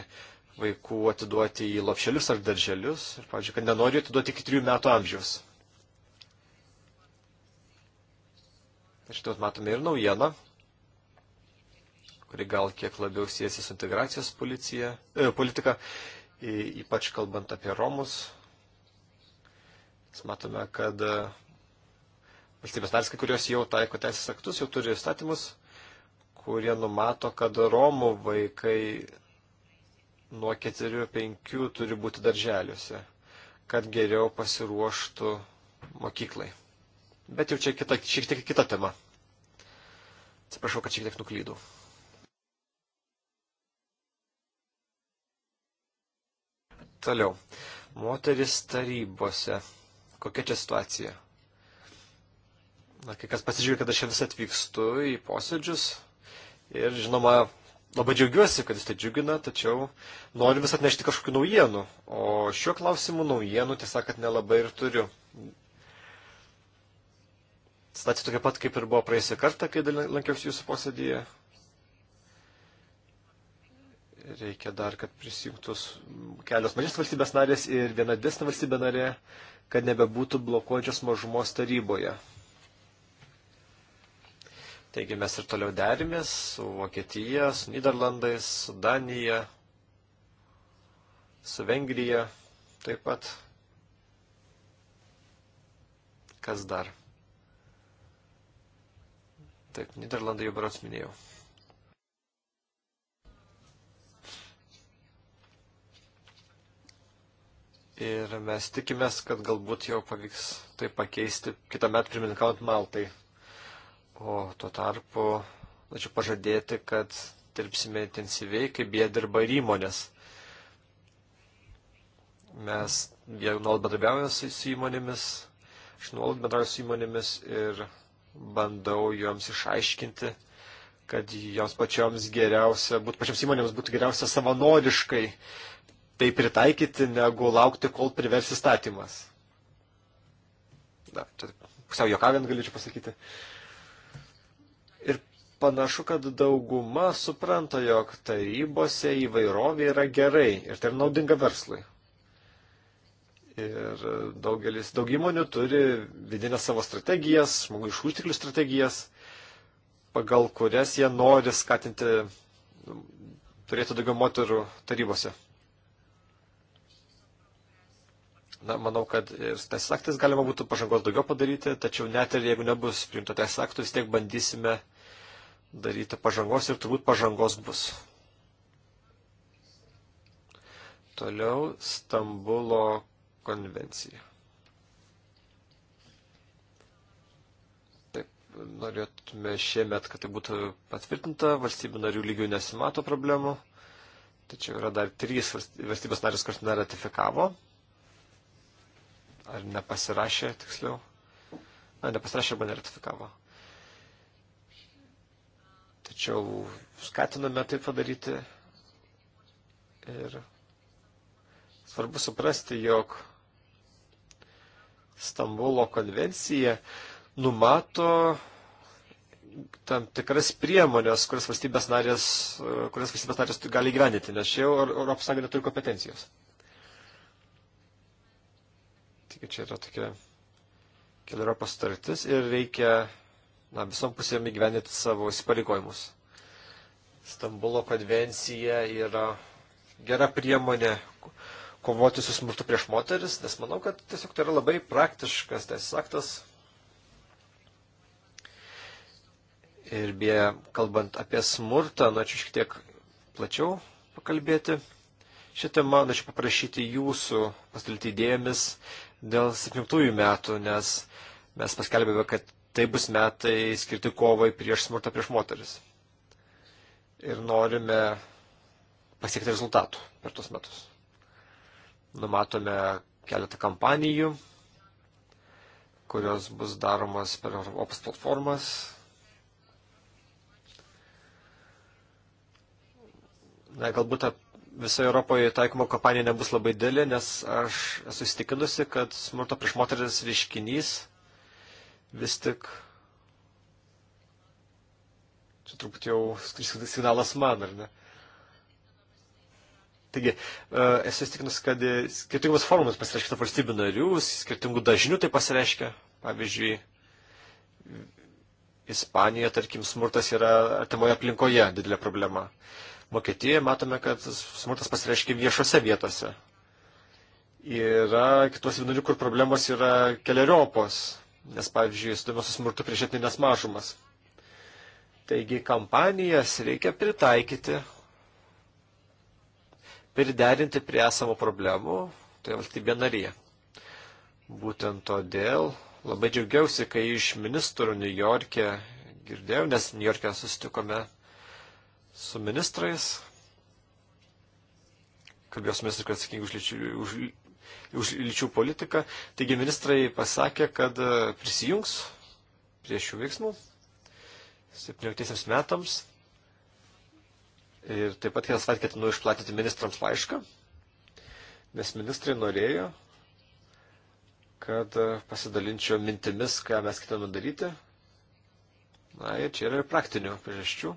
S4: vaikų atiduoti į lopšelius ar darželius ir, pavyzdžiui, kad nenori atiduoti iki trijų metų amžiaus. Ir štai matome ir naujieną, kuri gal kiek labiau siejasi su integracijos policija, e, politika, ypač kalbant apie Romus. Mes matome, kad e, valstybės narės, kai kurios jau taiko teisės aktus, jau turi įstatymus, kurie numato, kad Romų vaikai nuo 4-5 turi būti darželiuose, kad geriau pasiruoštų mokyklai. Bet jau čia kita, šiek tiek kita tema. Atsiprašau, kad šiek tiek nuklydau. Toliau. Moteris tarybose. Kokia čia situacija? Na, kai kas pasižiūrė, kad aš čia vis atvykstu į posėdžius ir, žinoma, Labai džiaugiuosi, kad jis tai džiugina, tačiau noriu vis atnešti kažkokių naujienų. O šiuo klausimu naujienų tiesą sakant nelabai ir turiu. Stacija tokia pat, kaip ir buvo praėjusią kartą, kai lankiausi jūsų posėdėje. Reikia dar, kad prisijungtų kelios mažesnės valstybės narės ir viena desnė valstybė narė, kad nebebūtų blokuojančios mažumos taryboje. Taigi mes ir toliau derimės su Vokietija, su Niderlandais, su Danija, su Vengrija taip pat. Kas dar? Taip, Niderlandai jau berots minėjau. Ir mes tikimės, kad galbūt jau pavyks tai pakeisti kitą metą pirmininkaujant Maltai. O tuo tarpu, tačiau pažadėti, kad dirbsime intensyviai, kaip jie dirba ir įmonės. Mes, jie nuolat bendradarbiauja su, su įmonėmis, aš nuolat bendrauju su įmonėmis ir bandau joms išaiškinti, kad joms pačioms geriausia, būt pačiams įmonėms būtų geriausia savanoriškai tai pritaikyti, negu laukti, kol privers įstatymas. Na, čia pusiau jokavint galėčiau pasakyti. Uh, panašu, kad dauguma supranta, jog tarybose įvairovė yra gerai ir tai yra naudinga verslui. Ir daugelis, daug įmonių turi vidinės savo strategijas, žmogiškų išteklių strategijas, pagal kurias jie nori skatinti nu, turėti daugiau moterų tarybose. Na, manau, kad ir teisės aktais galima būtų pažangos daugiau padaryti, tačiau net ir jeigu nebus priimta teisės aktų, vis tiek bandysime uh, daryta pažangos ir turbūt pažangos bus. Toliau Stambulo konvencija. Taip, norėtume šiemet, kad tai būtų patvirtinta, valstybių narių lygių nesimato problemų, tačiau yra dar trys valstybės narės, kurios neratifikavo, ar nepasirašė tiksliau, na, nepasirašė arba neratifikavo. Tačiau skatiname tai padaryti ir svarbu suprasti, jog Stambulo konvencija numato tam tikras priemonės, kurias valstybės narės, kurias valstybės narės gali gyvendyti, nes čia jau Europos Sąjunga neturi kompetencijos. Taigi čia yra tokia keli Europos startis ir reikia na, visom pusėm įgyvendinti savo įsipareigojimus. Stambulo konvencija yra gera priemonė kovoti su smurtu prieš moteris, nes manau, kad tiesiog tai yra labai praktiškas teisės aktas. Ir beje, kalbant apie smurtą, norėčiau nu, šiek tiek plačiau pakalbėti. Šią temą norėčiau nu, paprašyti jūsų pastilti idėjomis dėl 17 metų, nes mes paskelbėme, kad tai bus metai skirti kovai prieš smurtą prieš moteris. Ir norime pasiekti rezultatų per tuos metus. Numatome keletą kampanijų, kurios bus daromas per Europos platformas. Na, galbūt visoje Europoje taikoma kampanija nebus labai dėlė, nes aš esu įstikinusi, kad smurto prieš moteris reiškinys vis tik čia truputį jau skriskintas signalas man, ar ne? Taigi, e, esu įstikinus, kad skirtingos formos pasireiškia tarp valstybių narių, skirtingų dažnių tai pasireiškia. Pavyzdžiui, Ispanijoje, tarkim, smurtas yra artimoje aplinkoje didelė problema. Vokietijoje matome, kad smurtas pasireiškia viešose vietose. Yra kitos vidurių, kur problemos yra keliariopos nes, pavyzdžiui, sudėmė su smurtu prieš etinės mažumas. Taigi kampanijas reikia pritaikyti, priderinti prie esamų problemų, tai valstybė narė. Būtent todėl labai džiaugiausi, kai iš ministrų New York'e girdėjau, nes New York'e susitikome su ministrais, kalbėjau su ministru, kad atsakingi už, lyčių, už už lyčių politiką. Taigi ministrai pasakė, kad e, prisijungs prie šių veiksmų 17 metams. Ir taip pat kitą savaitę ketinu išplatyti ministrams laišką, nes ministrai norėjo, kad e, pasidalinčiau mintimis, ką mes ketiname daryti. Na ir čia yra ir praktinių priežasčių,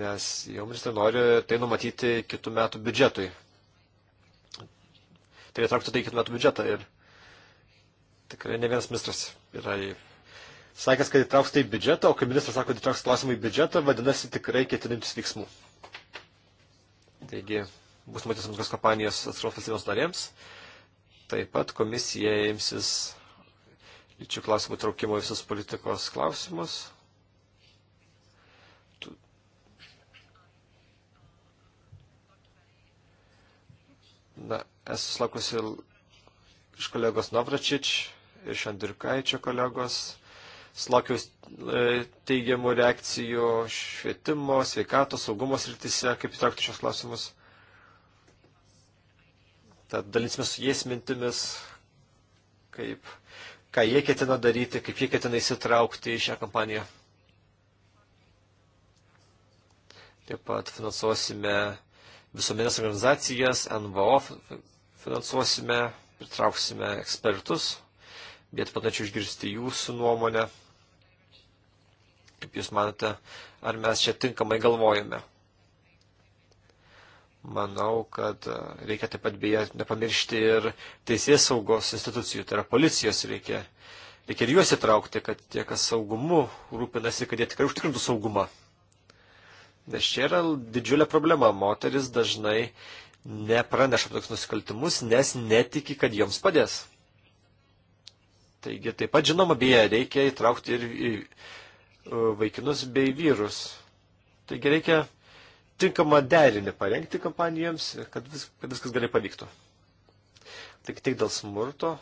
S4: nes jau ministrai nori tai numatyti kitų metų biudžetui, tai įtraukti tai kitų metų biudžetą. Ir tikrai ne vienas ministras yra sakęs, kad įtrauks tai į biudžetą, o kai ministras sako, kad įtrauks klausimą į biudžetą, vadinasi tikrai ketinantis veiksmų. Taigi, bus matys mūsų kompanijos atstovas valstybės narėms. Taip pat komisija imsis lyčių klausimų traukimo visus politikos klausimus. Na, Esu slakusi iš kolegos Navračič ir Šandirkaičio kolegos. Slokiau e, teigiamų reakcijų švietimo, sveikatos, saugumo srityse, kaip įtraukti šios klausimus. Tad dalinsime su jais mintimis, kaip, ką jie ketina daryti, kaip jie ketina įsitraukti į šią kampaniją. Taip pat finansuosime visuomenės organizacijas, NVO finansuosime, pritrauksime ekspertus, bet panačiau išgirsti jūsų nuomonę, kaip jūs manote, ar mes čia tinkamai galvojame. Manau, kad e, reikia taip pat beje nepamiršti ir teisės saugos institucijų, tai yra policijos reikia reikia ir juos įtraukti, kad tie, kas saugumu rūpinasi, kad jie tikrai užtikrintų saugumą. Nes čia yra didžiulė problema. Moteris dažnai nepraneša apie toks nusikaltimus, nes netiki, kad joms padės. Taigi taip pat žinoma, beje, reikia įtraukti ir vaikinus bei vyrus. Taigi reikia tinkamą derinį parengti kampanijoms, kad, vis, kad viskas gerai pavyktų. Tik tik dėl smurto,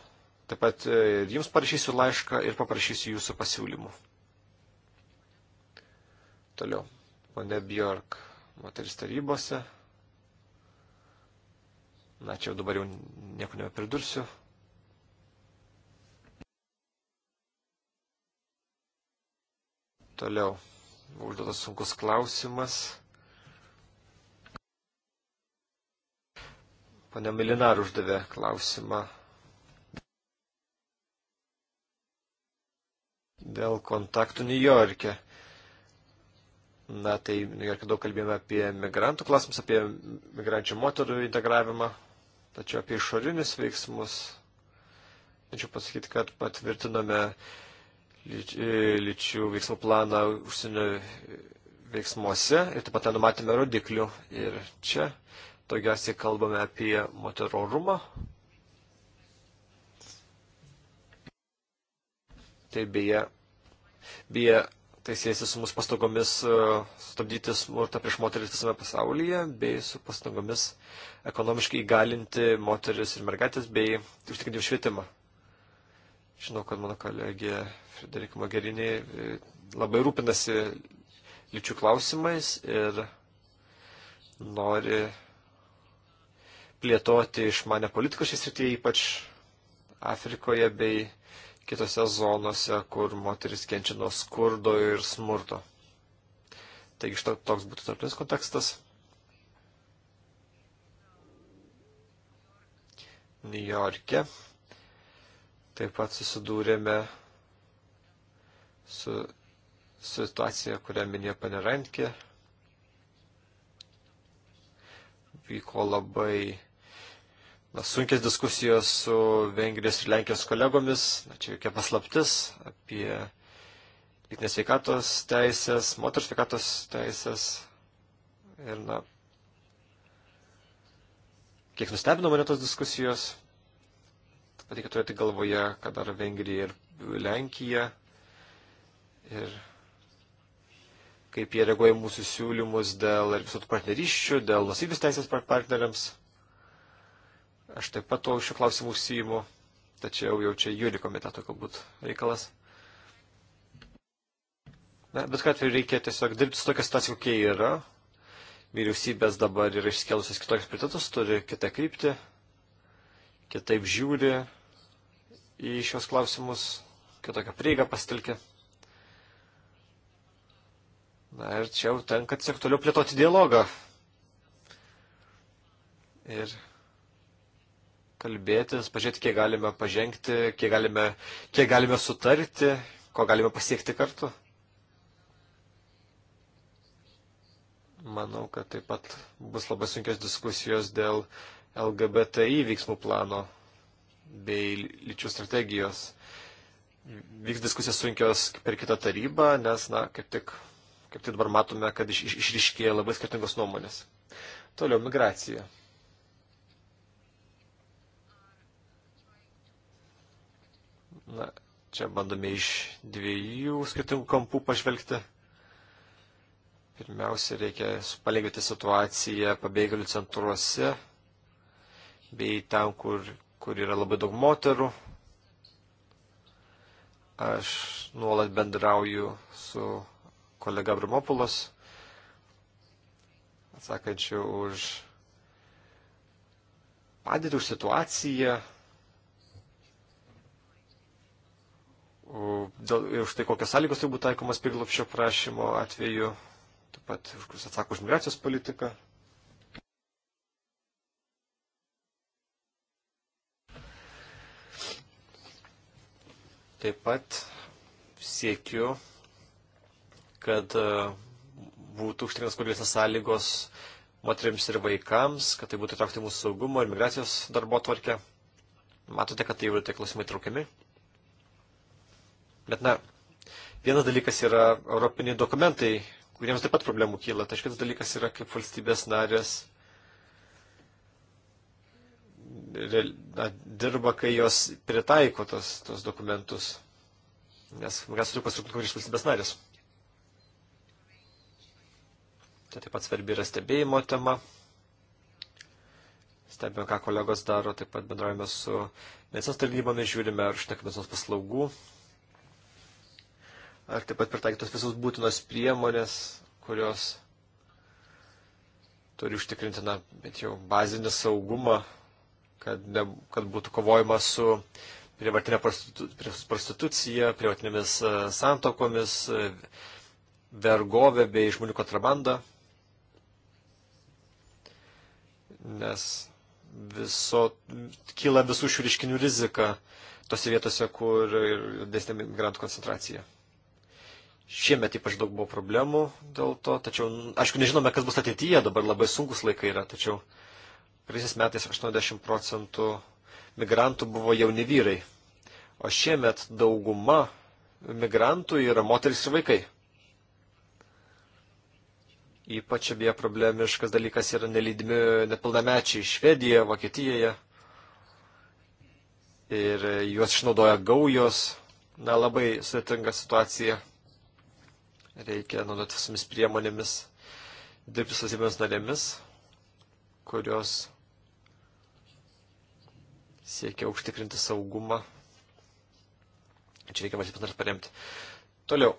S4: taip pat e, ir jums parašysiu laišką ir paprašysiu jūsų pasiūlymų. Toliau, pane Bjork, moteris tarybose. Na, čia jau dabar jau nieko nebepridursiu. Toliau. Užduotas sunkus klausimas. Pane Milinar uždavė klausimą dėl kontaktų New York'e. Na, tai New York'e daug kalbėjome apie migrantų klausimus, apie migrančių moterų integravimą, Tačiau apie išorinius veiksmus, norėčiau pasakyti, kad patvirtiname e, lyčių veiksmų planą užsienio veiksmuose ir taip pat ten numatėme rodiklių. Ir čia daugiausiai kalbame apie moterorumą. Tai beje, beje Tai siejasi su mūsų pastangomis e, stabdyti smurtą prieš moteris visame pasaulyje, bei su pastangomis ekonomiškai įgalinti moteris ir mergaitės, bei užtikrinti jų švietimą. Žinau, kad mano kolegė Frederika Magerinė e, labai rūpinasi lyčių klausimais ir nori plėtoti išmanę politiką šis rytyje, ypač Afrikoje bei kitose zonose, kur moteris kenčia nuo skurdo ir smurto. Taigi štai toks būtų tarpinis kontekstas. Niujorke taip pat susidūrėme su, su situacija, kurią minėjo panerankė. Vyko labai na, sunkės diskusijos su Vengrijos ir Lenkijos kolegomis, na, čia jokia paslaptis apie lytinės sveikatos teisės, moters sveikatos teisės. Ir, na, kiek nustebino mane tos diskusijos, bet tai reikia turėti galvoje, kad dar Vengrija ir Lenkija. Ir kaip jie reaguoja mūsų siūlymus dėl ir visų partnerysčių, dėl nusibės teisės partneriams. Aš taip pat to šiuo klausimu užsijimu, tačiau jau čia jūri komiteto galbūt reikalas. Na, bet ką atveju reikia tiesiog dirbti su tokia situacija, kokia yra. Vyriausybės dabar yra išskelusios kitokius prioritetus, turi kitą kryptį, kitaip žiūri į šios klausimus, kitokią prieigą pasitelkia. Na ir čia jau tenka tiesiog toliau plėtoti dialogą. Ir kalbėtis, pažiūrėti, kiek galime pažengti, kiek galime, kiek galime sutarti, ko galime pasiekti kartu. Manau, kad taip pat bus labai sunkios diskusijos dėl LGBTI veiksmų plano bei lyčių strategijos. Vyks diskusijos sunkios per kitą tarybą, nes, na, kaip tik, kaip tik dabar matome, kad iš, iš, išriškėja labai skirtingos nuomonės. Toliau migracija. Na, čia bandome iš dviejų skirtingų kampų pažvelgti. Pirmiausia, reikia palengvinti situaciją pabėgėlių centruose bei ten, kur, kur yra labai daug moterų. Aš nuolat bendrauju su kolega Brimopulos, atsakančiu už padėtį, už situaciją Mm, dėl, ir už tai, kokios sąlygos turi būti taikomas priglopščio prašymo atveju, taip pat už kuris atsako už migracijos politiką. Taip pat siekiu, kad e, būtų užtikrintas kurilėsnės sąlygos moteriams ir vaikams, kad tai būtų įtraukti mūsų saugumo ir migracijos darbo tvarkę. Matote, kad tai jau tie klausimai traukiami. Bet, na, vienas dalykas yra europiniai dokumentai, kuriems taip pat problemų kyla. Tai kitas dalykas yra, kaip valstybės narės na, dirba, kai jos pritaiko tos, tos dokumentus. Nes mes turime pasirūpinti, kur iš valstybės narės. Tai taip pat svarbi yra stebėjimo tema. Stebime, ką kolegos daro, taip pat bendraujame su medicinos tarnybomis, žiūrime, ar užtenka medicinos paslaugų, ar taip pat pritaikytos visos būtinos priemonės, kurios turi užtikrinti, na, bet jau bazinį saugumą, kad, ne, kad būtų kovojama su prievartinė prostitu, prostitucija, prievartinėmis e, santokomis, e, vergovė bei žmonių kontrabanda. Nes viso, kyla visų šių reiškinių rizika tose vietose, kur ir desnė migrantų koncentracija. Šiemet ypač daug buvo problemų dėl to, tačiau, aišku, nežinome, kas bus ateityje, dabar labai sunkus laikai yra, tačiau praeisiais metais 80 procentų migrantų buvo jauni vyrai, o šiemet dauguma migrantų yra moteris ir vaikai. Ypač abie problemiškas dalykas yra nelydimi nepilnamečiai Švedijoje, Vokietijoje. Ir juos išnaudoja gaujos. Na, labai sudėtinga situacija. Reikia naudoti visomis priemonėmis, dirbti su valstybėmis narėmis, kurios siekia užtikrinti saugumą. Čia reikia valstybės narės paremti. Toliau.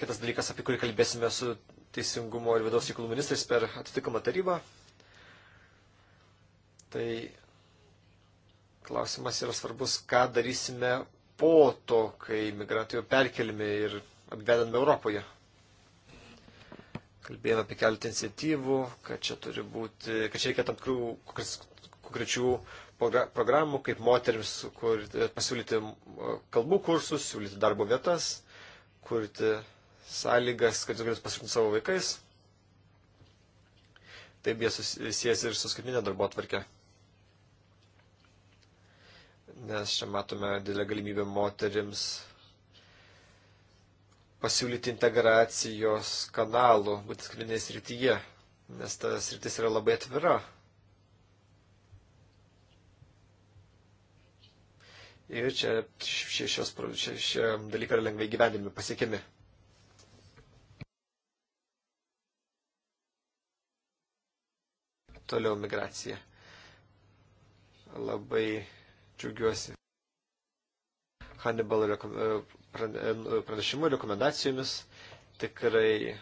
S4: Kitas dalykas, apie kurį kalbėsime su teisingumo ir vidaus reikalų ministrais per atitinkamą tarybą. Tai klausimas yra svarbus, ką darysime po to, kai migrantai jau perkelimi ir apgyvendinami Europoje. Kalbėjome apie keletą iniciatyvų, kad čia turi būti, kad čia reikia tam tikrų konkrečių programų, kaip moteriams kur, pasiūlyti kalbų kursus, siūlyti darbo vietas, kurti sąlygas, kad jūs galėtumėte pasirūpinti savo vaikais. Taip jie susijęs ir su skaitinė darbo atvarkė. Nes čia matome didelę galimybę moterims pasiūlyti integracijos kanalų būtent skaitmeninėje srityje, nes ta sritis yra labai atvira. Ir čia šie, šios, šie, šie dalykai yra lengvai gyvenimi pasiekiami. Toliau migracija. Labai džiaugiuosi Hannibal E, pranešimu, rekomendacijomis. Tikrai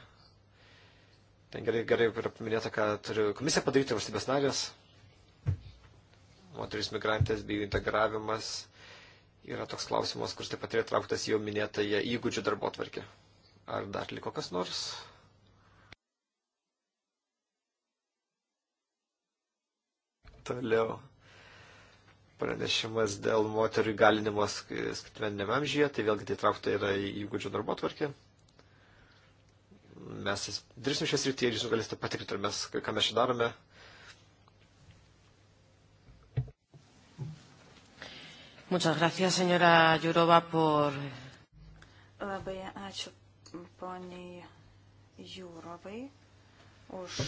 S4: ten gerai, gerai yra paminėta, ką turi komisija padaryti valstybės narės. Moteris migrantės bei jų integravimas yra toks klausimas, kuris taip pat yra trauktas jau minėtąją įgūdžių darbo tvarkį. Ar dar liko kas nors? Toliau pranešimas dėl moterų įgalinimo skaitmeniniam amžyje, tai vėlgi tai traukta yra į įgūdžių darbo tvarkį. Mes dirbsim šią sritį ir jūs galėsite patikrinti, ar mes, ką mes čia darome.
S1: Muchas gracias, señora Jurova, por.
S2: Labai ačiū poniai Jurovai už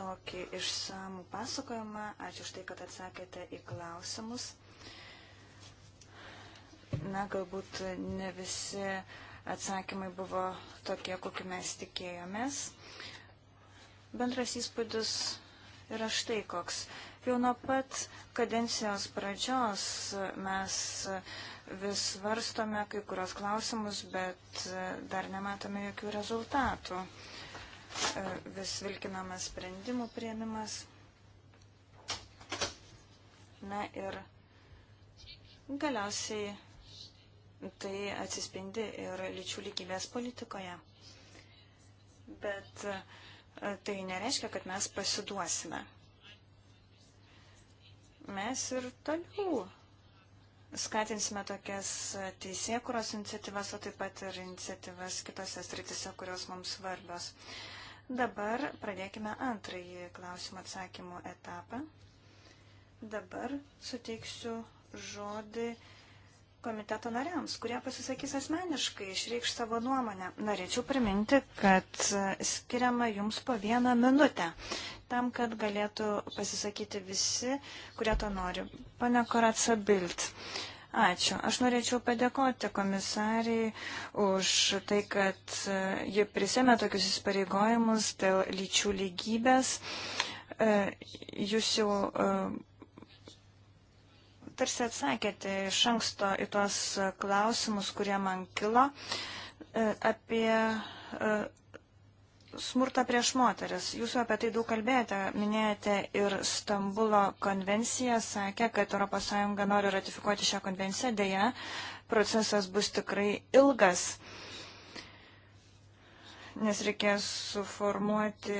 S2: tokį išsamų pasakojimą. Ačiū už tai, kad atsakėte į klausimus. Na, galbūt ne visi atsakymai buvo tokie, kokiu mes tikėjomės. Bendras įspūdis yra štai koks. Jau nuo pat kadencijos pradžios mes vis varstome kai kurios klausimus, bet dar nematome jokių rezultatų. E, vis vilkinamas sprendimų prieimimas. Na ir galiausiai tai atsispindi ir lyčių lygybės politikoje. Bet e, tai nereiškia, kad mes pasiduosime. Mes ir toliau skatinsime tokias teisėkuros iniciatyvas, o taip pat ir iniciatyvas kitose sritise, kurios mums svarbios. Uh, Dabar pradėkime antrąjį klausimų atsakymų etapą. Dabar suteiksiu žodį komiteto nariams, kurie pasisakys asmeniškai, išreikš savo nuomonę. Norėčiau priminti, kad skiriama jums po vieną minutę, tam, kad galėtų pasisakyti visi, kurie to nori. Pane Koratsa Bild, Ačiū. Aš norėčiau padėkoti komisariai už tai, kad e, ji prisėmė tokius įsipareigojimus dėl lyčių lygybės. E, jūs jau e, tarsi atsakėte iš anksto į tuos klausimus, kurie man kilo apie smurtą prieš moteris. Jūs apie tai daug kalbėjote, minėjote ir Stambulo konvenciją, sakė, kad ES nori ratifikuoti šią konvenciją, dėja, procesas bus tikrai ilgas, nes reikės suformuoti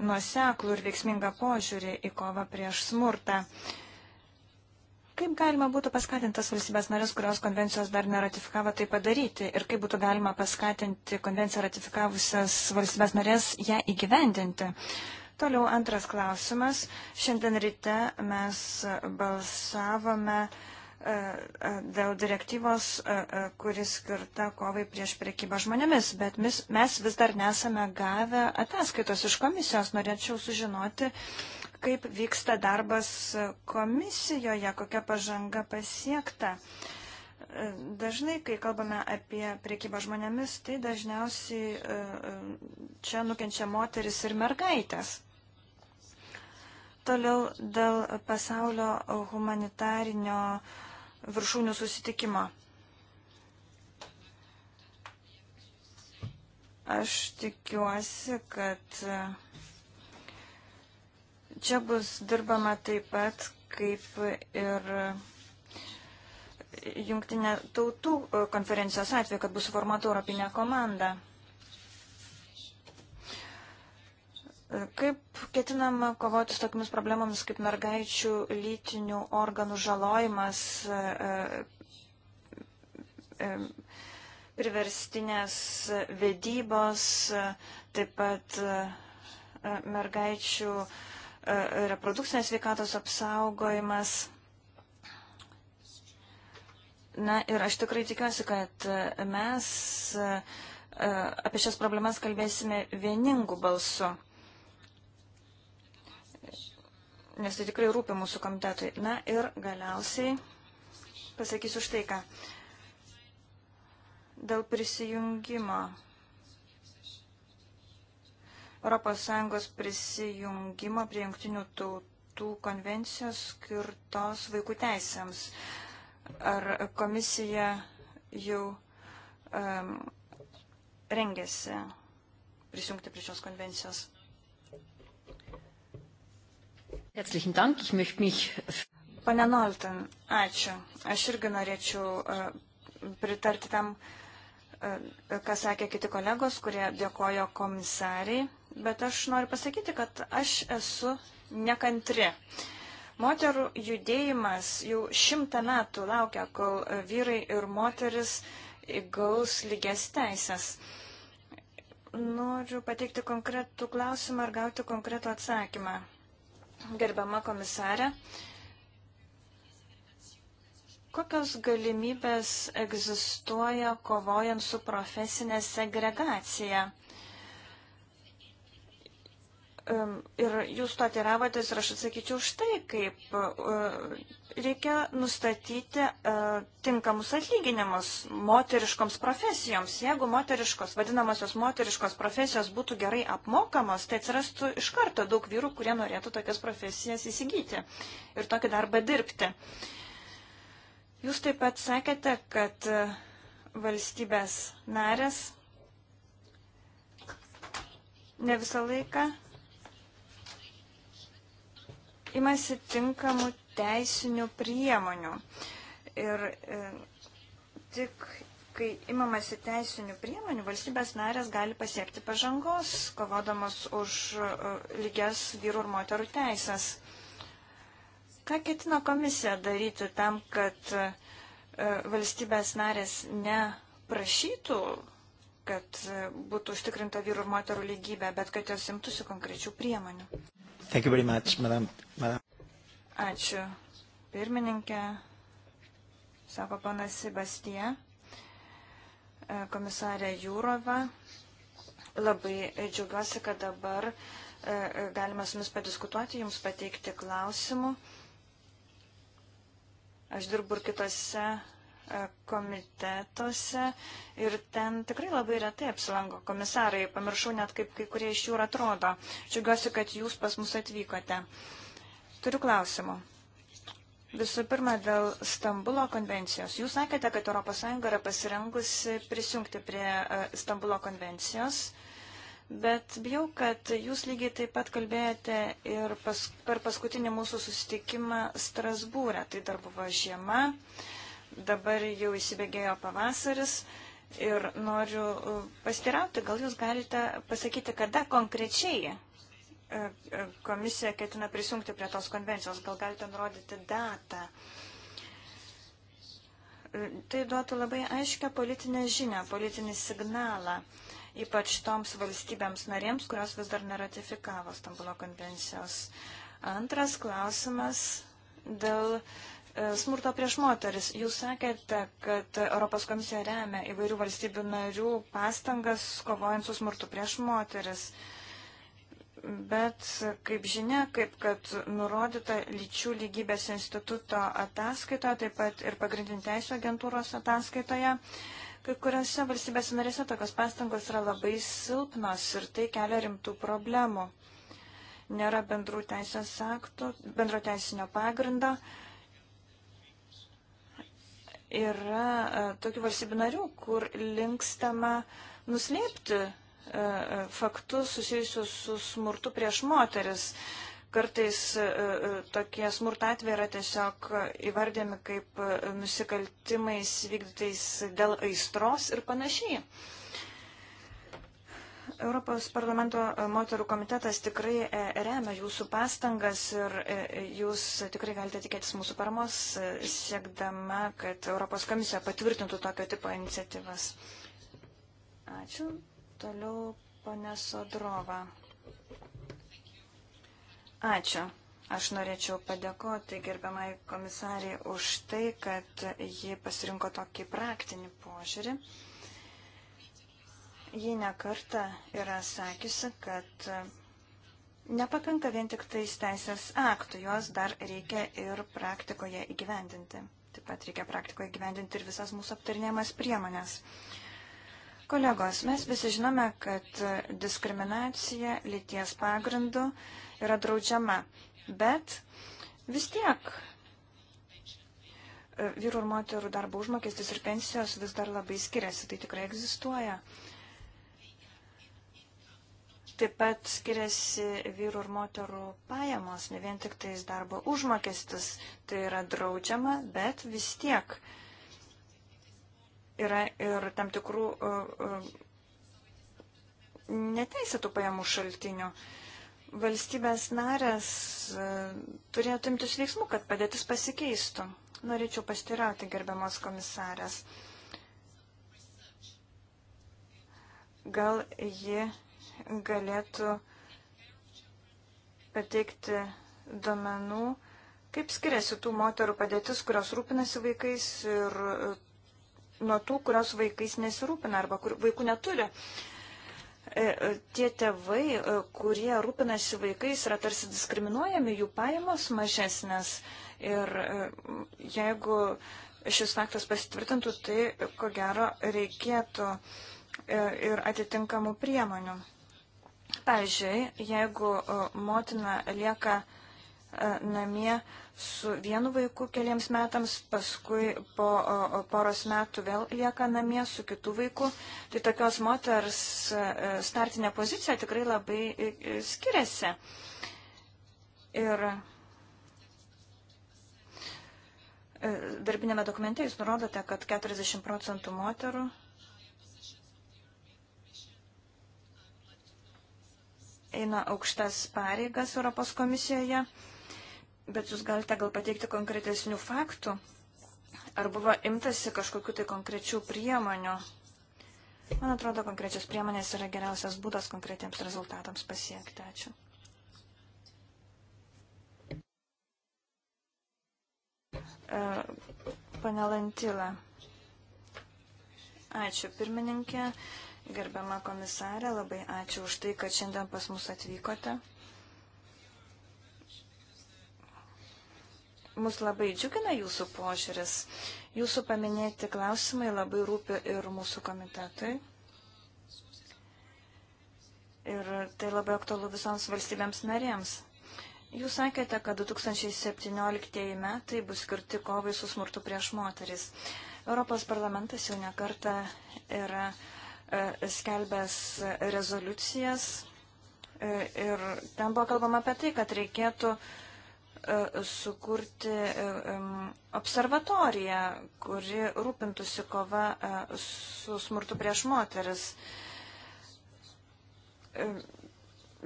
S2: nuoseklų ir veiksmingą požiūrį į kovą prieš smurtą. Uh, Kaip galima būtų paskatintas valstybės narės, kurios konvencijos dar neratifikavo, tai padaryti? Ir kaip būtų galima paskatinti konvenciją ratifikavusias valstybės narės ją įgyvendinti? Toliau antras klausimas. Šiandien ryte mes balsavome e, e, dėl direktyvos, e, kuris skirta kovai prieš priekybą žmonėmis, bet mes vis dar nesame gavę ataskaitos iš komisijos. Norėčiau sužinoti, kaip vyksta darbas komisijoje, kokia pažanga pasiekta. Dažnai, kai kalbame apie priekybą žmonėmis, tai dažniausiai e, čia nukenčia moteris ir mergaitės. Toliau dėl pasaulio humanitarinio viršūnių susitikimo. Aš tikiuosi, kad Čia bus dirbama taip pat, kaip ir jungtinė tautų konferencijos atveju, kad bus suformuota Europinė komanda. Kaip ketinama kovoti su tokiamis problemomis kaip mergaičių lytinių organų žalojimas, e, e, priverstinės vedybos, taip pat e, mergaičių reprodukcinės sveikatos apsaugojimas. Na ir aš tikrai tikiuosi, kad mes e, apie šias problemas kalbėsime vieningų balsu, nes tai tikrai rūpi mūsų komitetui. Na ir galiausiai pasakysiu štai ką. Dėl prisijungimo ES prisijungimą prie jungtinių tautų konvencijos skirtos vaikų teisėms. Ar komisija jau um, rengėsi prisijungti prie šios konvencijos? Herzlichen Dank, ich möchte mich. Pane Nolten, ačiū. Aš irgi norėčiau uh, pritarti tam uh, E, ką sakė kiti kolegos, kurie dėkojo komisariai, bet aš noriu pasakyti, kad aš esu nekantri. Moterų judėjimas jau šimtą metų laukia, kol vyrai ir moteris įgaus lygias teisės. Noriu pateikti konkretų klausimą ar gauti konkretų atsakymą. Gerbiama komisarė, uh, Kokios galimybės egzistuoja kovojant su profesinė segregacija? Ir jūs to atiravotės ir aš atsakyčiau štai, kaip e, reikia nustatyti e, tinkamus atlyginimus moteriškoms profesijoms. Jeigu moteriškos, vadinamosios moteriškos profesijos būtų gerai apmokamos, tai atsirastų iš karto daug vyrų, kurie norėtų tokias profesijas įsigyti ir tokį darbą dirbti. Uh, Jūs taip pat sakėte, kad e, valstybės narės ne visą laiką imasi tinkamų teisinių priemonių. Ir e, tik kai imamasi teisinių priemonių, valstybės narės gali pasiekti pažangos, kovodamos už e, lygias vyrų ir moterų teisės. Ką ketina komisija daryti tam, kad e, valstybės narės neprašytų, kad e, būtų užtikrinta vyrų ir moterų lygybė, bet kad jos imtųsi konkrečių priemonių? Much, madam, madam. Ačiū, pirmininkė, sako panas Sebastija, e, komisarė Jūrova. Labai džiaugiuosi, kad dabar galima su jumis padiskutuoti, jums pateikti klausimų. Aš dirbu ir kitose e, komitetuose ir ten tikrai labai retai apsilanko komisarai. Pamiršau net kaip kai kurie iš jų atrodo. Džiugiuosi, kad jūs pas mus atvykote. Turiu klausimų. Visų pirma, dėl Stambulo konvencijos. Jūs sakėte, kad ES yra pasirengusi prisijungti prie e, Stambulo konvencijos. Uh, Bet bijau, kad jūs lygiai taip pat kalbėjote ir pas, per paskutinį mūsų susitikimą Strasbūrę. Tai dar buvo žiema, dabar jau įsibėgėjo pavasaris ir noriu e, pastirauti, gal jūs galite pasakyti, kada konkrečiai e, e, komisija ketina prisijungti prie tos konvencijos, gal galite nurodyti datą. Tai duotų labai aiškę politinę žinę, politinį signalą ypač toms valstybėms narėms, kurios vis dar neratifikavo Stambulo konvencijos. Antras klausimas dėl e, smurto prieš moteris. Jūs sakėte, kad Europos komisija remia įvairių valstybių narių pastangas kovojant su smurtu prieš moteris. Bet, kaip žinia, kaip kad nurodyta lyčių lygybės instituto ataskaitoje, taip pat ir pagrindinteisio agentūros ataskaitoje, uh, Kai kuriuose valstybėse narėse tokios pastangos yra labai silpnos ir tai kelia rimtų problemų. Nėra bendrų teisės aktų, bendro teisinio pagrindo. Yra e, tokių valstybių narių, kur linkstama nuslėpti e, e, faktus susijusius su smurtu prieš moteris. Kartais e, e, tokie smurtatvė yra tiesiog įvardėmi kaip e, nusikaltimais vykdytais dėl aistros ir panašiai. Europos parlamento moterų komitetas tikrai remia jūsų pastangas ir jūs tikrai galite tikėtis mūsų paramos, siekdama, kad Europos komisija patvirtintų tokio tipo iniciatyvas. Ačiū. Toliau ponė Sodrova. Ačiū. Aš norėčiau padėkoti gerbiamai komisariai už tai, kad ji pasirinko tokį praktinį požiūrį. Ji nekarta yra sakiusi, kad nepakanka vien tik tais teisės aktų, juos dar reikia ir praktikoje įgyvendinti. Taip pat reikia praktikoje įgyvendinti ir visas mūsų aptarinėjamas priemonės. Kolegos, mes visi žinome, kad diskriminacija lyties pagrindu yra draudžiama. Bet vis tiek e, vyrų ir moterų darbo užmokestis ir pensijos vis dar labai skiriasi, tai tikrai egzistuoja. Taip pat skiriasi vyrų ir moterų pajamos, ne vien tik tais darbo užmokestis, tai yra draudžiama, bet vis tiek yra ir tam tikrų uh, uh, neteisėtų pajamų šaltinių. Uh, valstybės narės e, turėtų imtis veiksmų, kad padėtis pasikeistų. Norėčiau pastirauti gerbiamos komisarės. Gal ji galėtų pateikti domenų, kaip skiriasi tų moterų padėtis, kurios rūpinasi vaikais ir e, nuo tų, kurios vaikais nesirūpina arba kur, vaikų neturi. Uh, E, e, tie tėvai, e, kurie rūpinasi vaikais, yra tarsi diskriminuojami, jų pajamos mažesnės. Ir jeigu šis faktas pasitvirtintų, tai ko gero reikėtų ir atitinkamų priemonių. Pavyzdžiui, jeigu motina lieka namie, su vienu vaiku keliems metams, paskui po poros metų vėl lieka namie su kitu vaiku. Tai tokios moters e, startinė pozicija tikrai labai e, e, skiriasi. Ir darbinėme dokumente jūs nurodote, kad 40 procentų moterų eina aukštas pareigas Europos komisijoje bet jūs galite gal pateikti konkretesnių faktų? Ar buvo imtasi kažkokiu tai konkrečių priemonių? Man atrodo, konkrečios priemonės yra geriausias būdas konkretiems rezultatams pasiekti. Ačiū. E, pane Lantila. Ačiū pirmininkė, gerbiama komisarė, labai ačiū už tai, kad šiandien pas mus atvykote. Mus labai džiugina jūsų požiūris. Jūsų paminėti klausimai labai rūpi ir mūsų komitetui. Ir tai labai aktualu visoms valstybėms narėms. Jūs sakėte, kad 2017 metai bus skirti kovai su smurtu prieš moteris. Europos parlamentas jau nekarta yra e, skelbęs rezoliucijas e, ir ten buvo kalbama apie tai, kad reikėtų uh, E, sukurti e, observatoriją, kuri rūpintųsi kova e, su smurtu prieš moteris.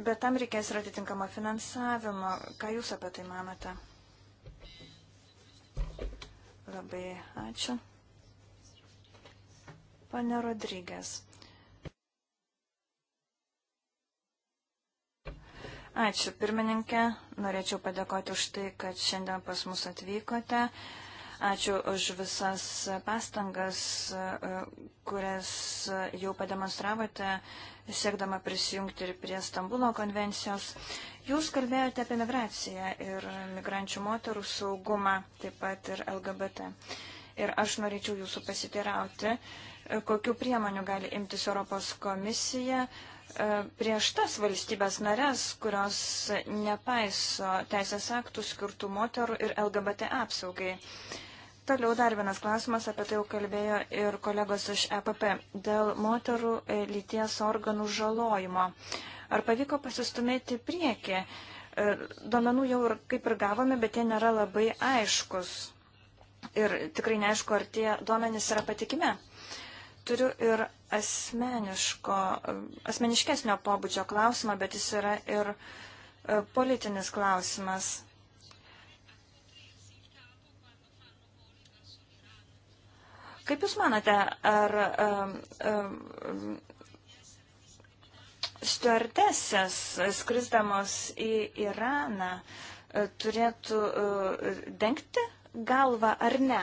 S2: Bet tam reikės ir atitinkamą finansavimą. Ką Jūs apie tai manote? Labai ačiū. Pane Rodrygės. Ačiū pirmininkė, norėčiau padėkoti už tai, kad šiandien pas mus atvykote. Ačiū už visas pastangas, kurias jau pademonstravote, siekdama prisijungti ir prie Stambulo konvencijos. Jūs kalbėjote apie migraciją ir migrančių moterų saugumą, taip pat ir LGBT. Ir aš norėčiau jūsų pasiteirauti, kokiu priemoniu gali imtis Europos komisija, E, prieš tas valstybės narės, kurios nepaiso teisės aktų skirtų moterų ir LGBT apsaugai. Toliau dar vienas klausimas, apie tai jau kalbėjo ir kolegos iš EPP, dėl moterų e, lyties organų žalojimo. Ar pavyko pasistumėti priekį? E, Domenų jau ir kaip ir gavome, bet jie nėra labai aiškus. Ir tikrai neaišku, ar tie duomenys yra patikimi. Turiu ir asmeniško, asmeniškesnio pobūdžio klausimą, bet jis yra ir e, politinis klausimas. Kaip Jūs manote, ar um, um, stuartesės skrisdamos į Iraną e, turėtų uh, dengti galvą ar ne?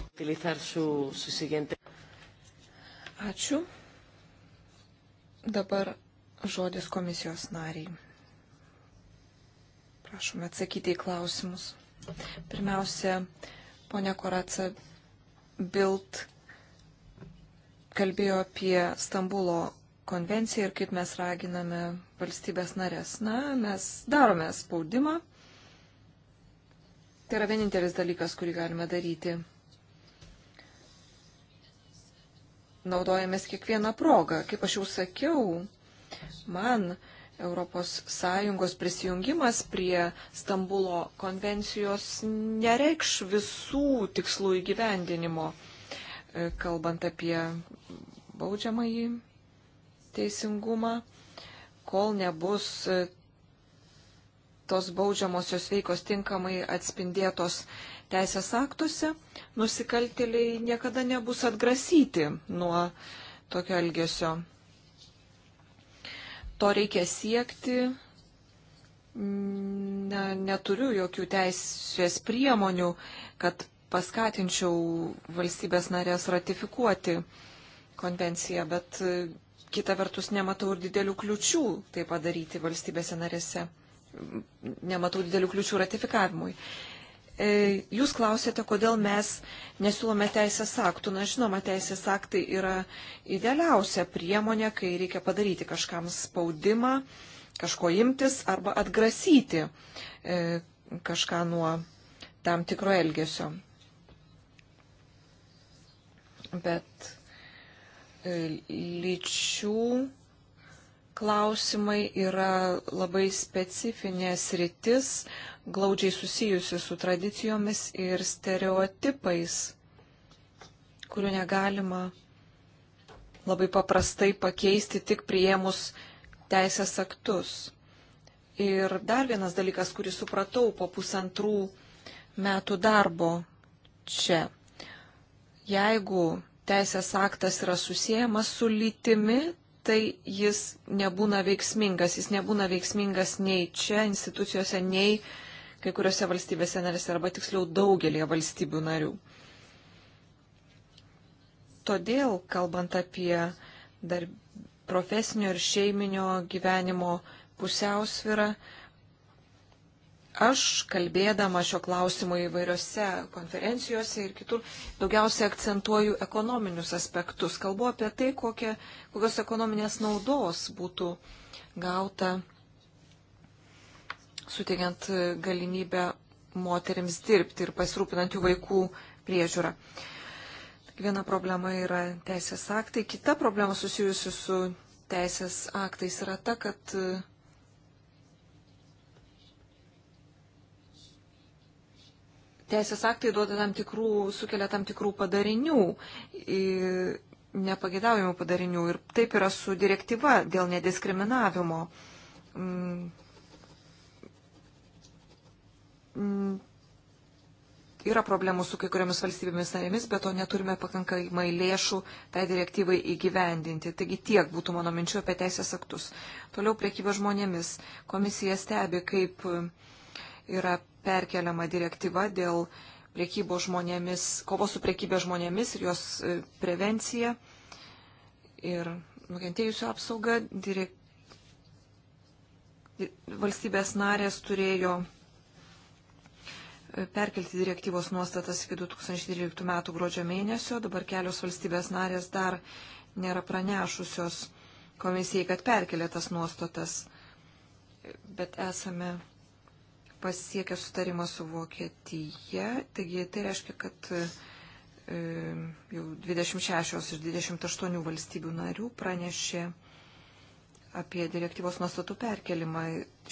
S1: Utilizar su, su siguiente.
S2: Ačiū. Dabar
S3: žodis komisijos nariai. Prašome atsakyti į klausimus. Pirmiausia, ponia Koraca Bilt kalbėjo apie Stambulo konvenciją ir kaip mes raginame valstybės narės. Na, mes darome spaudimą. Tai yra vienintelis dalykas, kurį galime daryti. naudojamės kiekvieną progą. Kaip aš jau sakiau, man ES prisijungimas prie Stambulo konvencijos nereikš visų tikslų įgyvendinimo, e, kalbant apie baudžiamąjį teisingumą, kol nebus e, tos baudžiamosios veikos tinkamai atspindėtos teisės aktuose, nusikaltėliai niekada nebus atgrasyti nuo tokio elgesio. To reikia siekti. Ne, neturiu jokių teisės priemonių, kad paskatinčiau valstybės narės ratifikuoti konvenciją, bet kita vertus nematau ir didelių kliučių tai padaryti valstybėse narėse nematau didelių kliučių ratifikavimui. E, jūs klausėte, kodėl mes nesiūlome teisės aktų. Na, žinoma, teisės aktai yra idealiausia priemonė, kai reikia padaryti kažkam spaudimą, kažko imtis arba atgrasyti e, kažką nuo tam tikro elgesio. Bet e, lyčių klausimai yra labai specifinės rytis, glaudžiai susijusi su tradicijomis ir stereotipais, kurių negalima labai paprastai pakeisti tik priėmus teisės aktus. Ir dar vienas dalykas, kurį supratau po pusantrų metų darbo čia. Jeigu teisės aktas yra susijęs su lytimi, tai jis nebūna veiksmingas. Jis nebūna veiksmingas nei čia institucijose, nei kai kuriuose valstybėse narėse, arba tiksliau daugelie valstybių narių. Todėl, kalbant apie dar profesinio ir šeiminio gyvenimo pusiausvyrą, Aš, kalbėdama šio klausimo įvairiose konferencijose ir kitur, daugiausia akcentuoju ekonominius aspektus. Kalbu apie tai, kokie, kokios ekonominės naudos būtų gauta suteikiant galimybę moteriams dirbti ir pasirūpinant jų vaikų priežiūrą. Viena problema yra teisės aktai, kita problema susijusi su teisės aktais yra ta, kad teisės aktai duoda tam tikrų, sukelia tam tikrų padarinių, nepagėdaujimų padarinių. Ir taip yra su direktyva dėl nediskriminavimo. Mm. Mm. Yra problemų su kai kuriomis valstybėmis narėmis, bet to neturime pakankamai lėšų tai direktyvai įgyvendinti. Taigi tiek būtų mano minčių apie teisės aktus. Toliau priekyba žmonėmis. Komisija stebi, kaip uh, yra perkeliama direktyva dėl priekybos žmonėmis, kovos su priekybė žmonėmis ir jos e, prevencija ir nukentėjusių apsauga. Direk... Valstybės narės turėjo e, perkelti direktyvos nuostatas iki 2013 m. gruodžio mėnesio, dabar kelios valstybės narės dar nėra pranešusios komisijai, kad perkelė tas nuostatas, bet esame pasiekė sutarimą su Vokietija, taigi tai reiškia, kad e, jau 26 iš 28 valstybių narių pranešė apie direktyvos nuostatų perkelimą.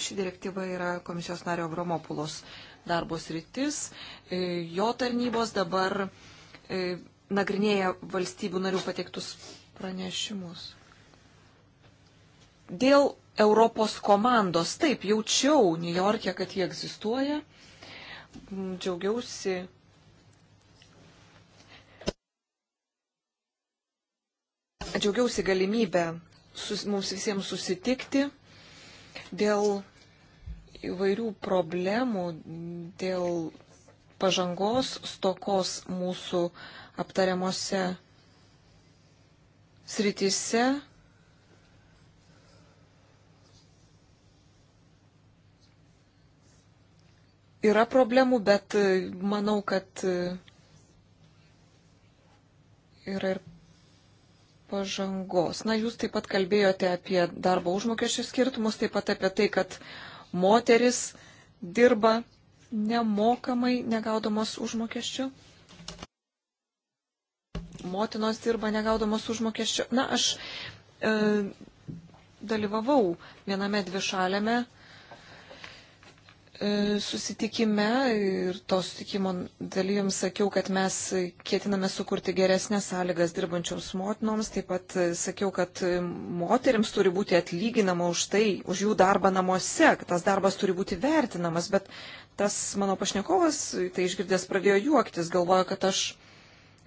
S3: Ši direktyva yra komisijos nario Avromopulos darbos rytis. E, jo tarnybos dabar e, nagrinėja valstybių narių pateiktus pranešimus. Dėl Europos komandos. Taip, jaučiau New York'e, kad jie egzistuoja. Mm, džiaugiausi. Džiaugiausi galimybę sus, mums visiems susitikti dėl įvairių problemų, dėl pažangos stokos mūsų aptariamose srityse yra problemų, bet e, manau, kad e, yra ir pažangos. Na, jūs taip pat kalbėjote apie darbo užmokesčio skirtumus, taip pat apie tai, kad moteris dirba nemokamai negaudamos užmokesčio. Motinos dirba negaudamos užmokesčio. Na, aš e, dalyvavau viename dvišalėme e, E, susitikime ir to susitikimo daly jums sakiau, kad mes kėtiname sukurti geresnės sąlygas dirbančioms motinoms. Taip pat e, sakiau, kad moteriams turi būti atlyginama už tai, už jų darbą namuose, kad tas darbas turi būti vertinamas. Bet tas mano pašnekovas, tai išgirdęs, pradėjo juoktis, galvoja, kad aš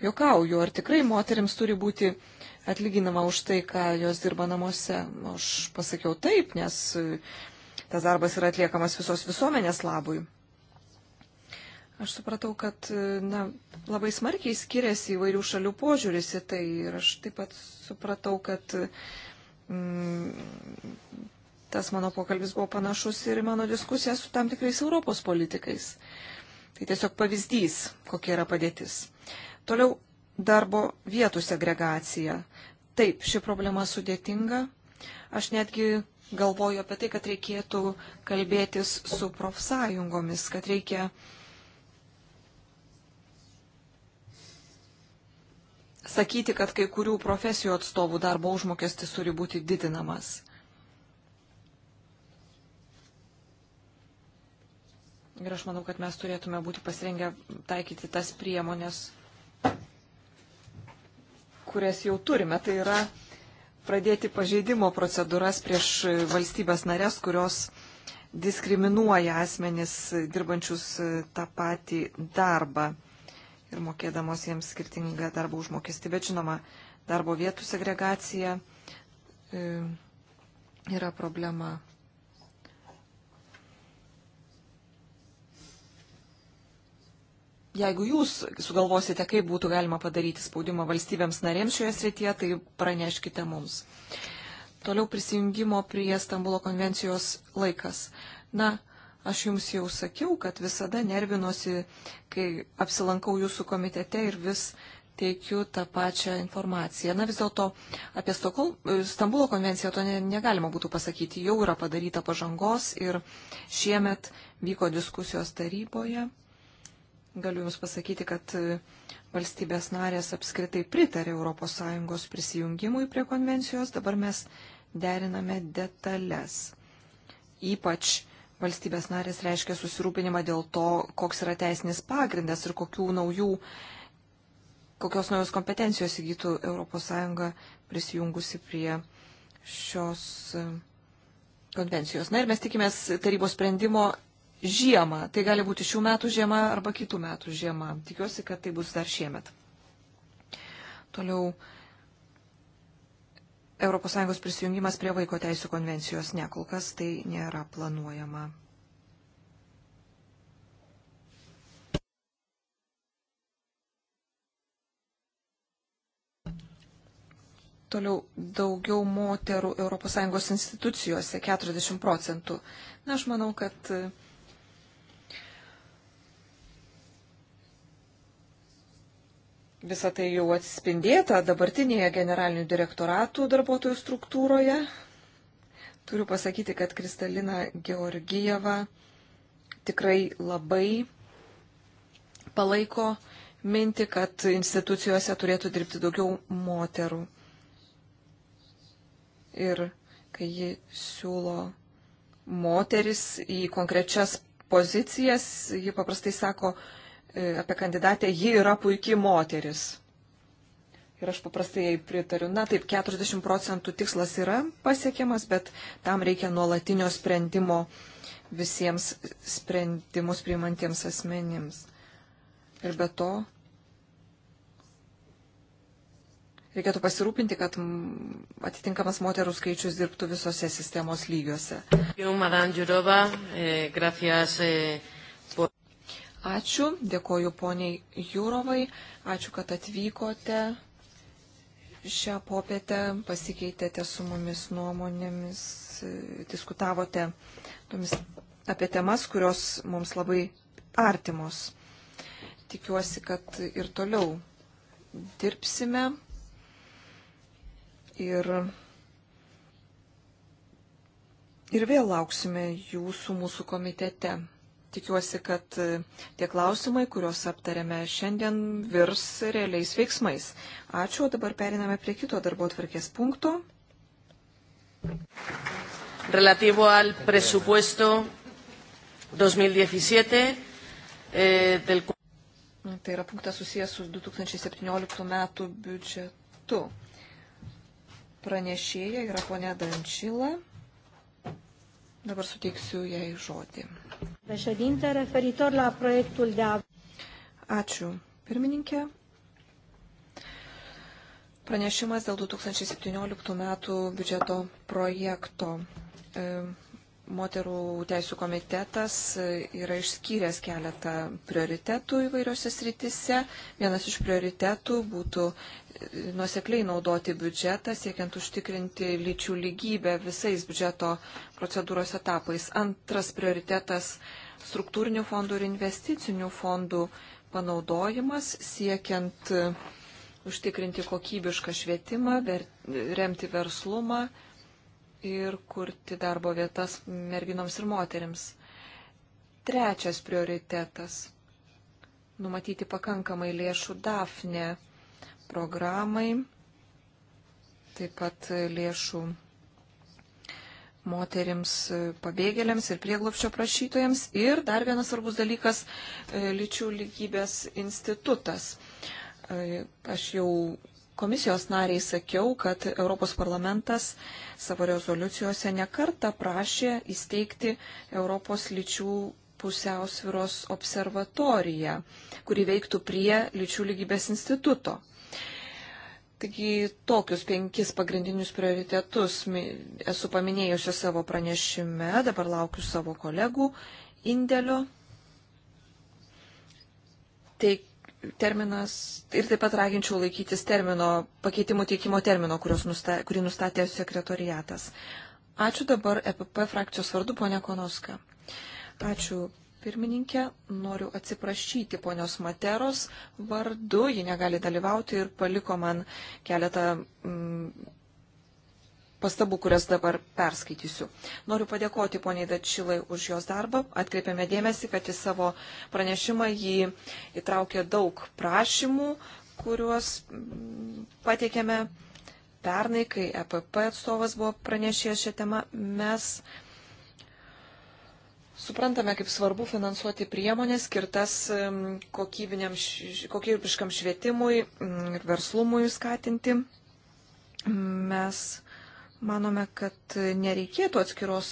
S3: juokauju, ar tikrai moteriams turi būti atlyginama už tai, ką jos dirba namuose. Aš pasakiau taip, nes tas darbas yra atliekamas visos visuomenės labui. Aš supratau, kad na, labai smarkiai skiriasi įvairių šalių požiūris į tai ir aš taip pat supratau, kad mm, tas mano pokalbis buvo panašus ir mano diskusija su tam tikrais Europos politikais. Tai tiesiog pavyzdys, kokia yra padėtis. Toliau darbo vietų segregacija. Taip, ši problema sudėtinga. Aš netgi galvoju apie tai, kad reikėtų kalbėtis su profsąjungomis, kad reikia sakyti, kad kai kurių profesijų atstovų darbo užmokestis turi būti didinamas. Ir aš manau, kad mes turėtume būti pasirengę taikyti tas priemonės, kurias jau turime. Tai yra pradėti pažeidimo procedūras prieš valstybės narės, kurios diskriminuoja asmenis dirbančius e, tą patį darbą ir mokėdamos jiems skirtingą darbo užmokestį. Bet žinoma, darbo vietų segregacija e, yra problema jeigu jūs sugalvosite, kaip būtų galima padaryti spaudimą valstybėms narėms šioje srityje, tai praneškite mums. Toliau prisijungimo prie Stambulo konvencijos laikas. Na, aš jums jau sakiau, kad visada nervinosi, kai apsilankau jūsų komitete ir vis teikiu tą pačią informaciją. Na vis dėlto apie Stokol, Stambulo konvenciją to ne, negalima būtų pasakyti. Jau yra padaryta pažangos ir šiemet vyko diskusijos taryboje. Galiu Jums pasakyti, kad e, valstybės narės apskritai pritarė ES prisijungimui prie konvencijos, dabar mes deriname detalės. Ypač valstybės narės reiškia susirūpinimą dėl to, koks yra teisinis pagrindas ir kokių naujų, kokios naujos kompetencijos įgytų ES prisijungusi prie šios e, konvencijos. Na ir mes tikimės tarybos sprendimo žiemą. Tai gali būti šių metų žiema arba kitų metų žiema. Tikiuosi, kad tai bus dar šiemet. Toliau. ES prisijungimas prie vaiko teisų konvencijos nekol kas tai nėra planuojama. Toliau daugiau moterų ES institucijose 40 procentų. Na, aš manau, kad Visą tai jau atsispindėta dabartinėje generalinių direktoratų darbuotojų struktūroje. Turiu pasakyti, kad Kristalina Georgijeva tikrai labai palaiko mintį, kad institucijose turėtų dirbti daugiau moterų. Ir kai ji siūlo moteris į konkrečias pozicijas, ji paprastai sako, E, apie kandidatę, ji yra puikiai moteris. Ir aš paprastai jai pritariu. Na taip, 40 procentų tikslas yra pasiekiamas, bet tam reikia nuolatinio sprendimo visiems sprendimus priimantiems asmenims. Ir be to reikėtų pasirūpinti, kad atitinkamas moterų skaičius dirbtų visose sistemos lygiuose. Jum, Ačiū, dėkoju poniai Jūrovai, ačiū, kad atvykote šią popietę, pasikeitėte su mumis nuomonėmis, diskutavote tomis apie temas, kurios mums labai artimos. Tikiuosi, kad ir toliau dirbsime ir, ir vėl lauksime jūsų mūsų komitete. Tikiuosi, kad e, tie klausimai, kuriuos aptarėme šiandien, virs realiais veiksmais. Ačiū, o dabar periname prie kito darbo atvarkės punkto.
S1: Relativo al presupuesto 2017 eh, del. Tai yra punktas susijęs su 2017 metų
S3: biudžetu. Pranešėja yra ponė Dančila. Dabar suteiksiu jai žodį. Președinte, referitor la proiectul de a... Ačiū, pirmininkė. Pranešimas dėl 2017 metų biudžeto projekto. E, Moterų teisų komitetas e, yra išskyręs keletą prioritetų įvairiose sritise. Vienas iš prioritetų būtų e, nuosekliai naudoti biudžetą, siekiant užtikrinti lyčių lygybę visais biudžeto procedūros etapais. Antras prioritetas - struktūrinių fondų ir investicinių fondų panaudojimas, siekiant e, užtikrinti kokybišką švietimą, remti verslumą ir kurti darbo vietas merginoms ir moteriams. Trečias prioritetas - numatyti pakankamai lėšų DAFNE programai, taip pat lėšų moterims pabėgėliams ir prieglopščio prašytojams. Ir dar vienas svarbus dalykas - lyčių lygybės institutas. Aš jau komisijos nariai sakiau, kad Europos parlamentas savo rezoliucijose nekarta prašė įsteigti Europos lyčių pusiausviros observatoriją, kuri veiktų prie lyčių lygybės instituto. Taigi tokius penkis pagrindinius prioritetus esu paminėjusi savo pranešime, dabar laukiu savo kolegų indėlio. Teik, terminas ir taip pat raginčiau laikytis termino, pakeitimų teikimo termino, nusta, kurį nustatė sekretoriatas. Ačiū dabar EPP frakcijos vardu, ponia Konoska. Ačiū pirmininkė, noriu atsiprašyti ponios Materos vardu, ji negali dalyvauti ir paliko man keletą mm, pastabų, kurias dabar perskaitysiu. Noriu padėkoti poniai Dačilai už jos darbą. Atkreipiame dėmesį, kad į savo pranešimą jį įtraukė daug prašymų, kuriuos mm, pateikėme pernai, kai EPP atstovas buvo pranešęs šią temą. Mes suprantame, kaip svarbu finansuoti priemonės skirtas mm, kokybiškam švietimui mm, ir verslumui skatinti. Mes Manome, kad nereikėtų atskiros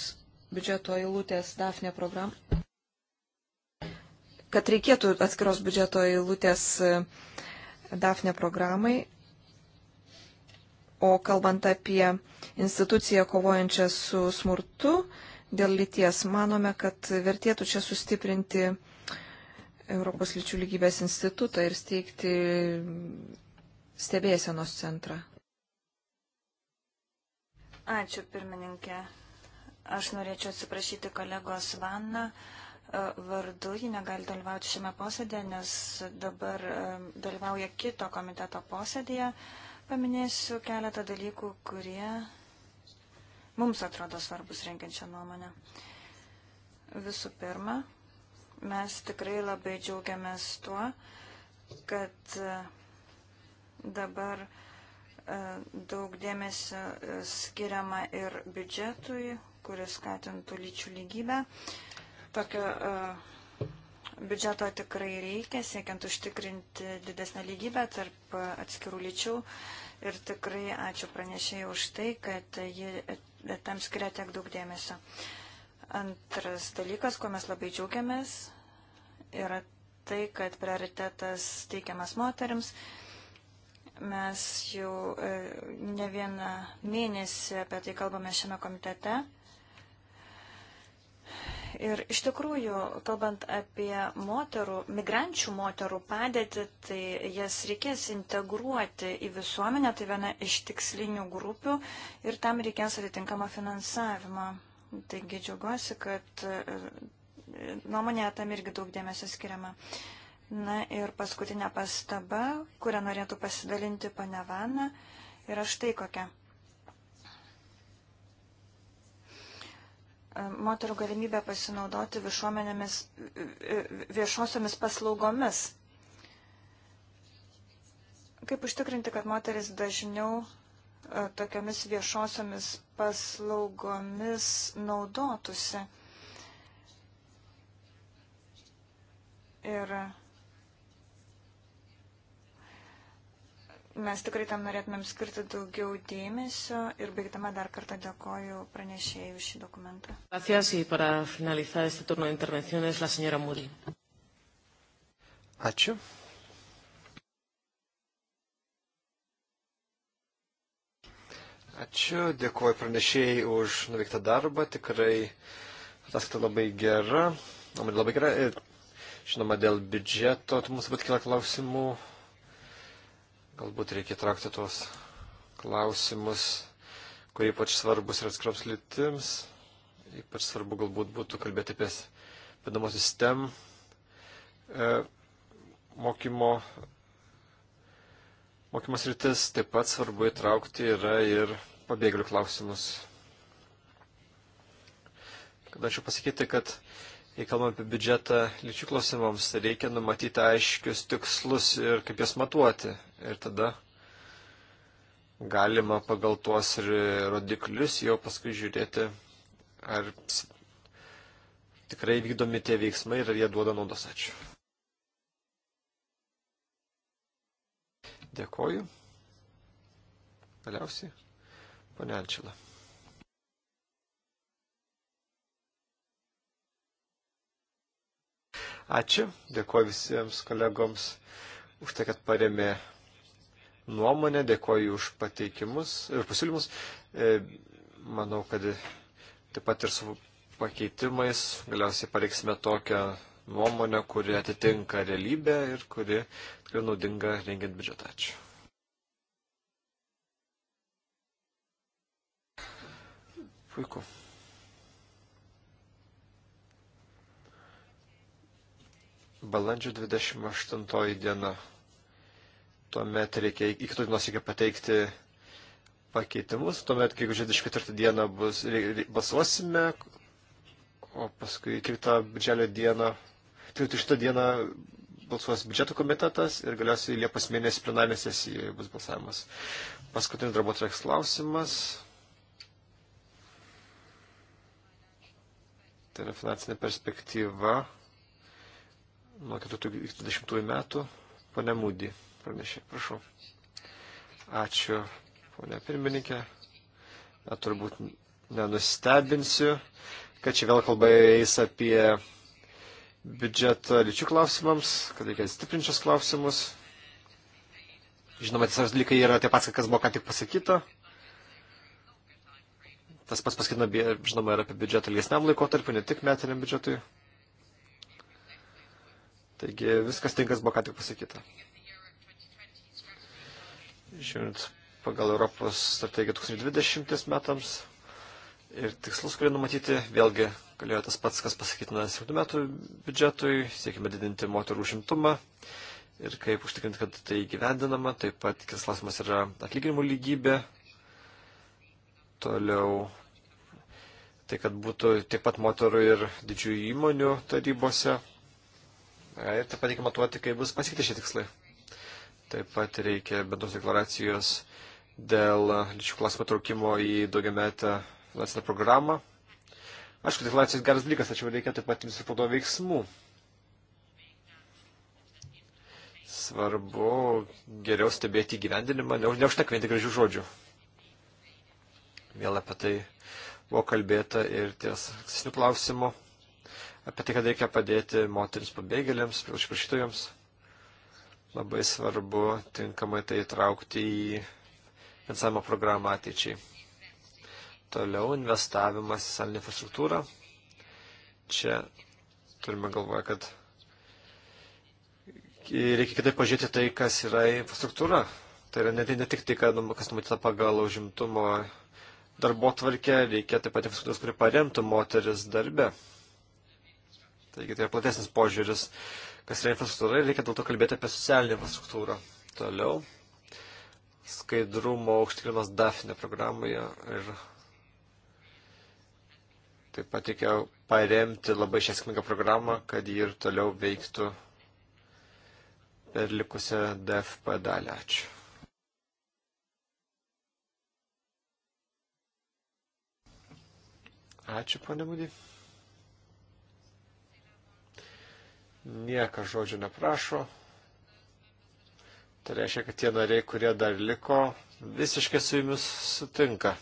S3: biudžeto eilutės DAFNE programą, kad reikėtų atskiros biudžeto eilutės e, DAFNE programai, o kalbant apie instituciją kovojančią su smurtu dėl lyties, manome, kad vertėtų čia sustiprinti Europos lyčių lygybės institutą ir steigti stebėsenos centrą.
S2: Ačiū, pirmininkė. Aš norėčiau atsiprašyti kolegos Vanną e, vardu. Ji negali dalyvauti šiame posėdėje, nes dabar e, dalyvauja kito komiteto posėdėje. Paminėsiu keletą dalykų, kurie mums atrodo svarbus renkiančią nuomonę. Visų pirma, mes tikrai labai džiaugiamės tuo, kad e, dabar uh, E, daug dėmesio e, skiriama ir biudžetui, kuris skatintų lyčių lygybę. Tokio e, biudžeto tikrai reikia, siekiant užtikrinti didesnę lygybę tarp atskirų lyčių. Ir tikrai ačiū pranešėjai už tai, kad ji tam skiria tiek daug dėmesio. Antras dalykas, kuo mes labai džiaugiamės, yra tai, kad prioritetas teikiamas moteriams. Mes jau e, ne vieną mėnesį apie tai kalbame šiame komitete. Ir iš tikrųjų, kalbant apie moterų, migrančių moterų padėtį, tai jas reikės integruoti į visuomenę, tai viena iš tikslinių grupių ir tam reikės atitinkamą finansavimą. Taigi džiaugiuosi, kad e, nuomonėje tam irgi daug dėmesio skiriama. Uh, Na ir paskutinė pastaba, kurią norėtų pasidalinti panevana, yra štai kokia. Moterų galimybė pasinaudoti viešosiomis paslaugomis. Kaip užtikrinti, kad moteris dažniau e, tokiamis viešosiomis paslaugomis naudotųsi? Ir Mes tikrai tam norėtumėm skirti daugiau dėmesio ir baigdama dar kartą dėkoju pranešėjų šį dokumentą.
S1: Ačiū.
S4: Ačiū, dėkuoju pranešėjai už nuveiktą darbą, tikrai ataskaita labai gera, nuomonė labai gera ir žinoma dėl biudžeto, tai mums būt kila klausimų, Galbūt reikia traukti tuos klausimus, kurie ypač svarbus ir atskiroms lytims. Ypač svarbu galbūt būtų kalbėti apie vadinamosius STEM e, mokymo, mokymos rytis. Taip pat svarbu įtraukti yra ir pabėgėlių klausimus. Kad aš jau pasakyti, kad kai kalbam apie biudžetą lyčių klausimams, reikia numatyti aiškius tikslus ir kaip jas matuoti. Ir tada galima pagal tuos rodiklius jau paskui žiūrėti, ar tikrai vykdomi tie veiksmai ir ar jie duoda naudos. Ačiū. Dėkoju. Galiausiai, pane Ančila. Ačiū, dėkuoju visiems kolegoms už tai, kad paremė nuomonę, dėkuoju už pateikimus ir e, pasiūlymus. E, manau, kad taip pat ir su pakeitimais galiausiai pareiksime tokią nuomonę, kuri atitinka realybę ir kuri tikrai naudinga rengiant biudžetą. Ačiū. Puiku. balandžio 28 diena. Tuomet reikia iki to dienos reikia pateikti pakeitimus, tuomet gegužės 24 dieną bus, balsuosime, o paskui kitą birželio dieną, tai šitą dieną balsuos biudžeto komitetas ir galiausiai Liepos mėnesį plenarinė sesijoje bus balsavimas. Paskutinis darbotreks klausimas. Tai yra finansinė perspektyva nuo 2020 metų. Pone Mūdį pranešė, prašau. Ačiū, ponė pirmininkė. Na, turbūt nenustebinsiu, kad čia vėl kalba eis apie biudžetą lyčių klausimams, kad reikia stiprinčios klausimus. Žinoma, tiesiog dalykai yra tie pats, kas buvo ką tik pasakyta. Tas pats pasakytina, žinoma, ir apie biudžetą ilgesniam laikotarpiu, ne tik metiniam biudžetui. Taigi viskas tinkas buvo ką tik pasakyta. Žiūrint pagal Europos strategiją 2020 metams ir tikslus, kurie numatyti, vėlgi galėjo tas pats, kas pasakytina 7 metų biudžetui, siekime didinti moterų užimtumą ir kaip užtikrinti, kad tai gyvendinama. Taip pat kitas klausimas yra atlyginimų lygybė. Toliau tai, kad būtų tiek pat moterų ir didžiųjų įmonių tarybose. Ir taip pat reikia matuoti, kaip bus pasikeitę šie tikslai. Taip pat reikia bendros deklaracijos dėl lyčių klausimų traukimo į daugiametę finansinę programą. Aišku, deklaracijos geras dalykas, tačiau reikia taip pat imtis papildomų veiksmų. Svarbu geriau stebėti įgyvendinimą, neužtenka vien tik gražių žodžių. Vėl apie tai buvo kalbėta ir ties aksesnių klausimų apie tai, kad reikia padėti moteris pabėgėliams, užprašytojams. Labai svarbu tinkamai tai traukti į finansavimo programą ateičiai. Toliau investavimas į salinį infrastruktūrą. Čia turime galvoje, kad reikia kitaip pažiūrėti tai, kas yra infrastruktūra. Tai yra ne, ne tik tai, kad, kas numatyta pagal užimtumo darbo tvarkę, reikia taip pat infrastruktūros, kuri paremtų moteris darbe. Taigi tai yra platesnis požiūris, kas yra infrastruktūra ir reikia dėl to kalbėti apie socialinę infrastruktūrą. Toliau skaidrumo užtikrimas DAFNE programoje ir taip pat reikia paremti labai šią programą, kad ji ir toliau veiktų per likusią DFP dalį. Ačiū. Ačiū, ponė Mūdy. niekas žodžio neprašo. Tai reiškia, kad tie nariai, kurie dar liko, visiškai su jumis sutinka.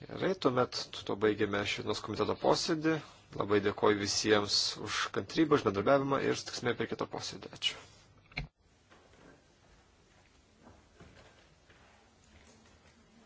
S4: Gerai, tuomet tuo baigėme šiandienos komiteto posėdį. Labai dėkoju visiems už kantrybą, už bendradarbiavimą ir sutiksime per kitą posėdį. Ačiū.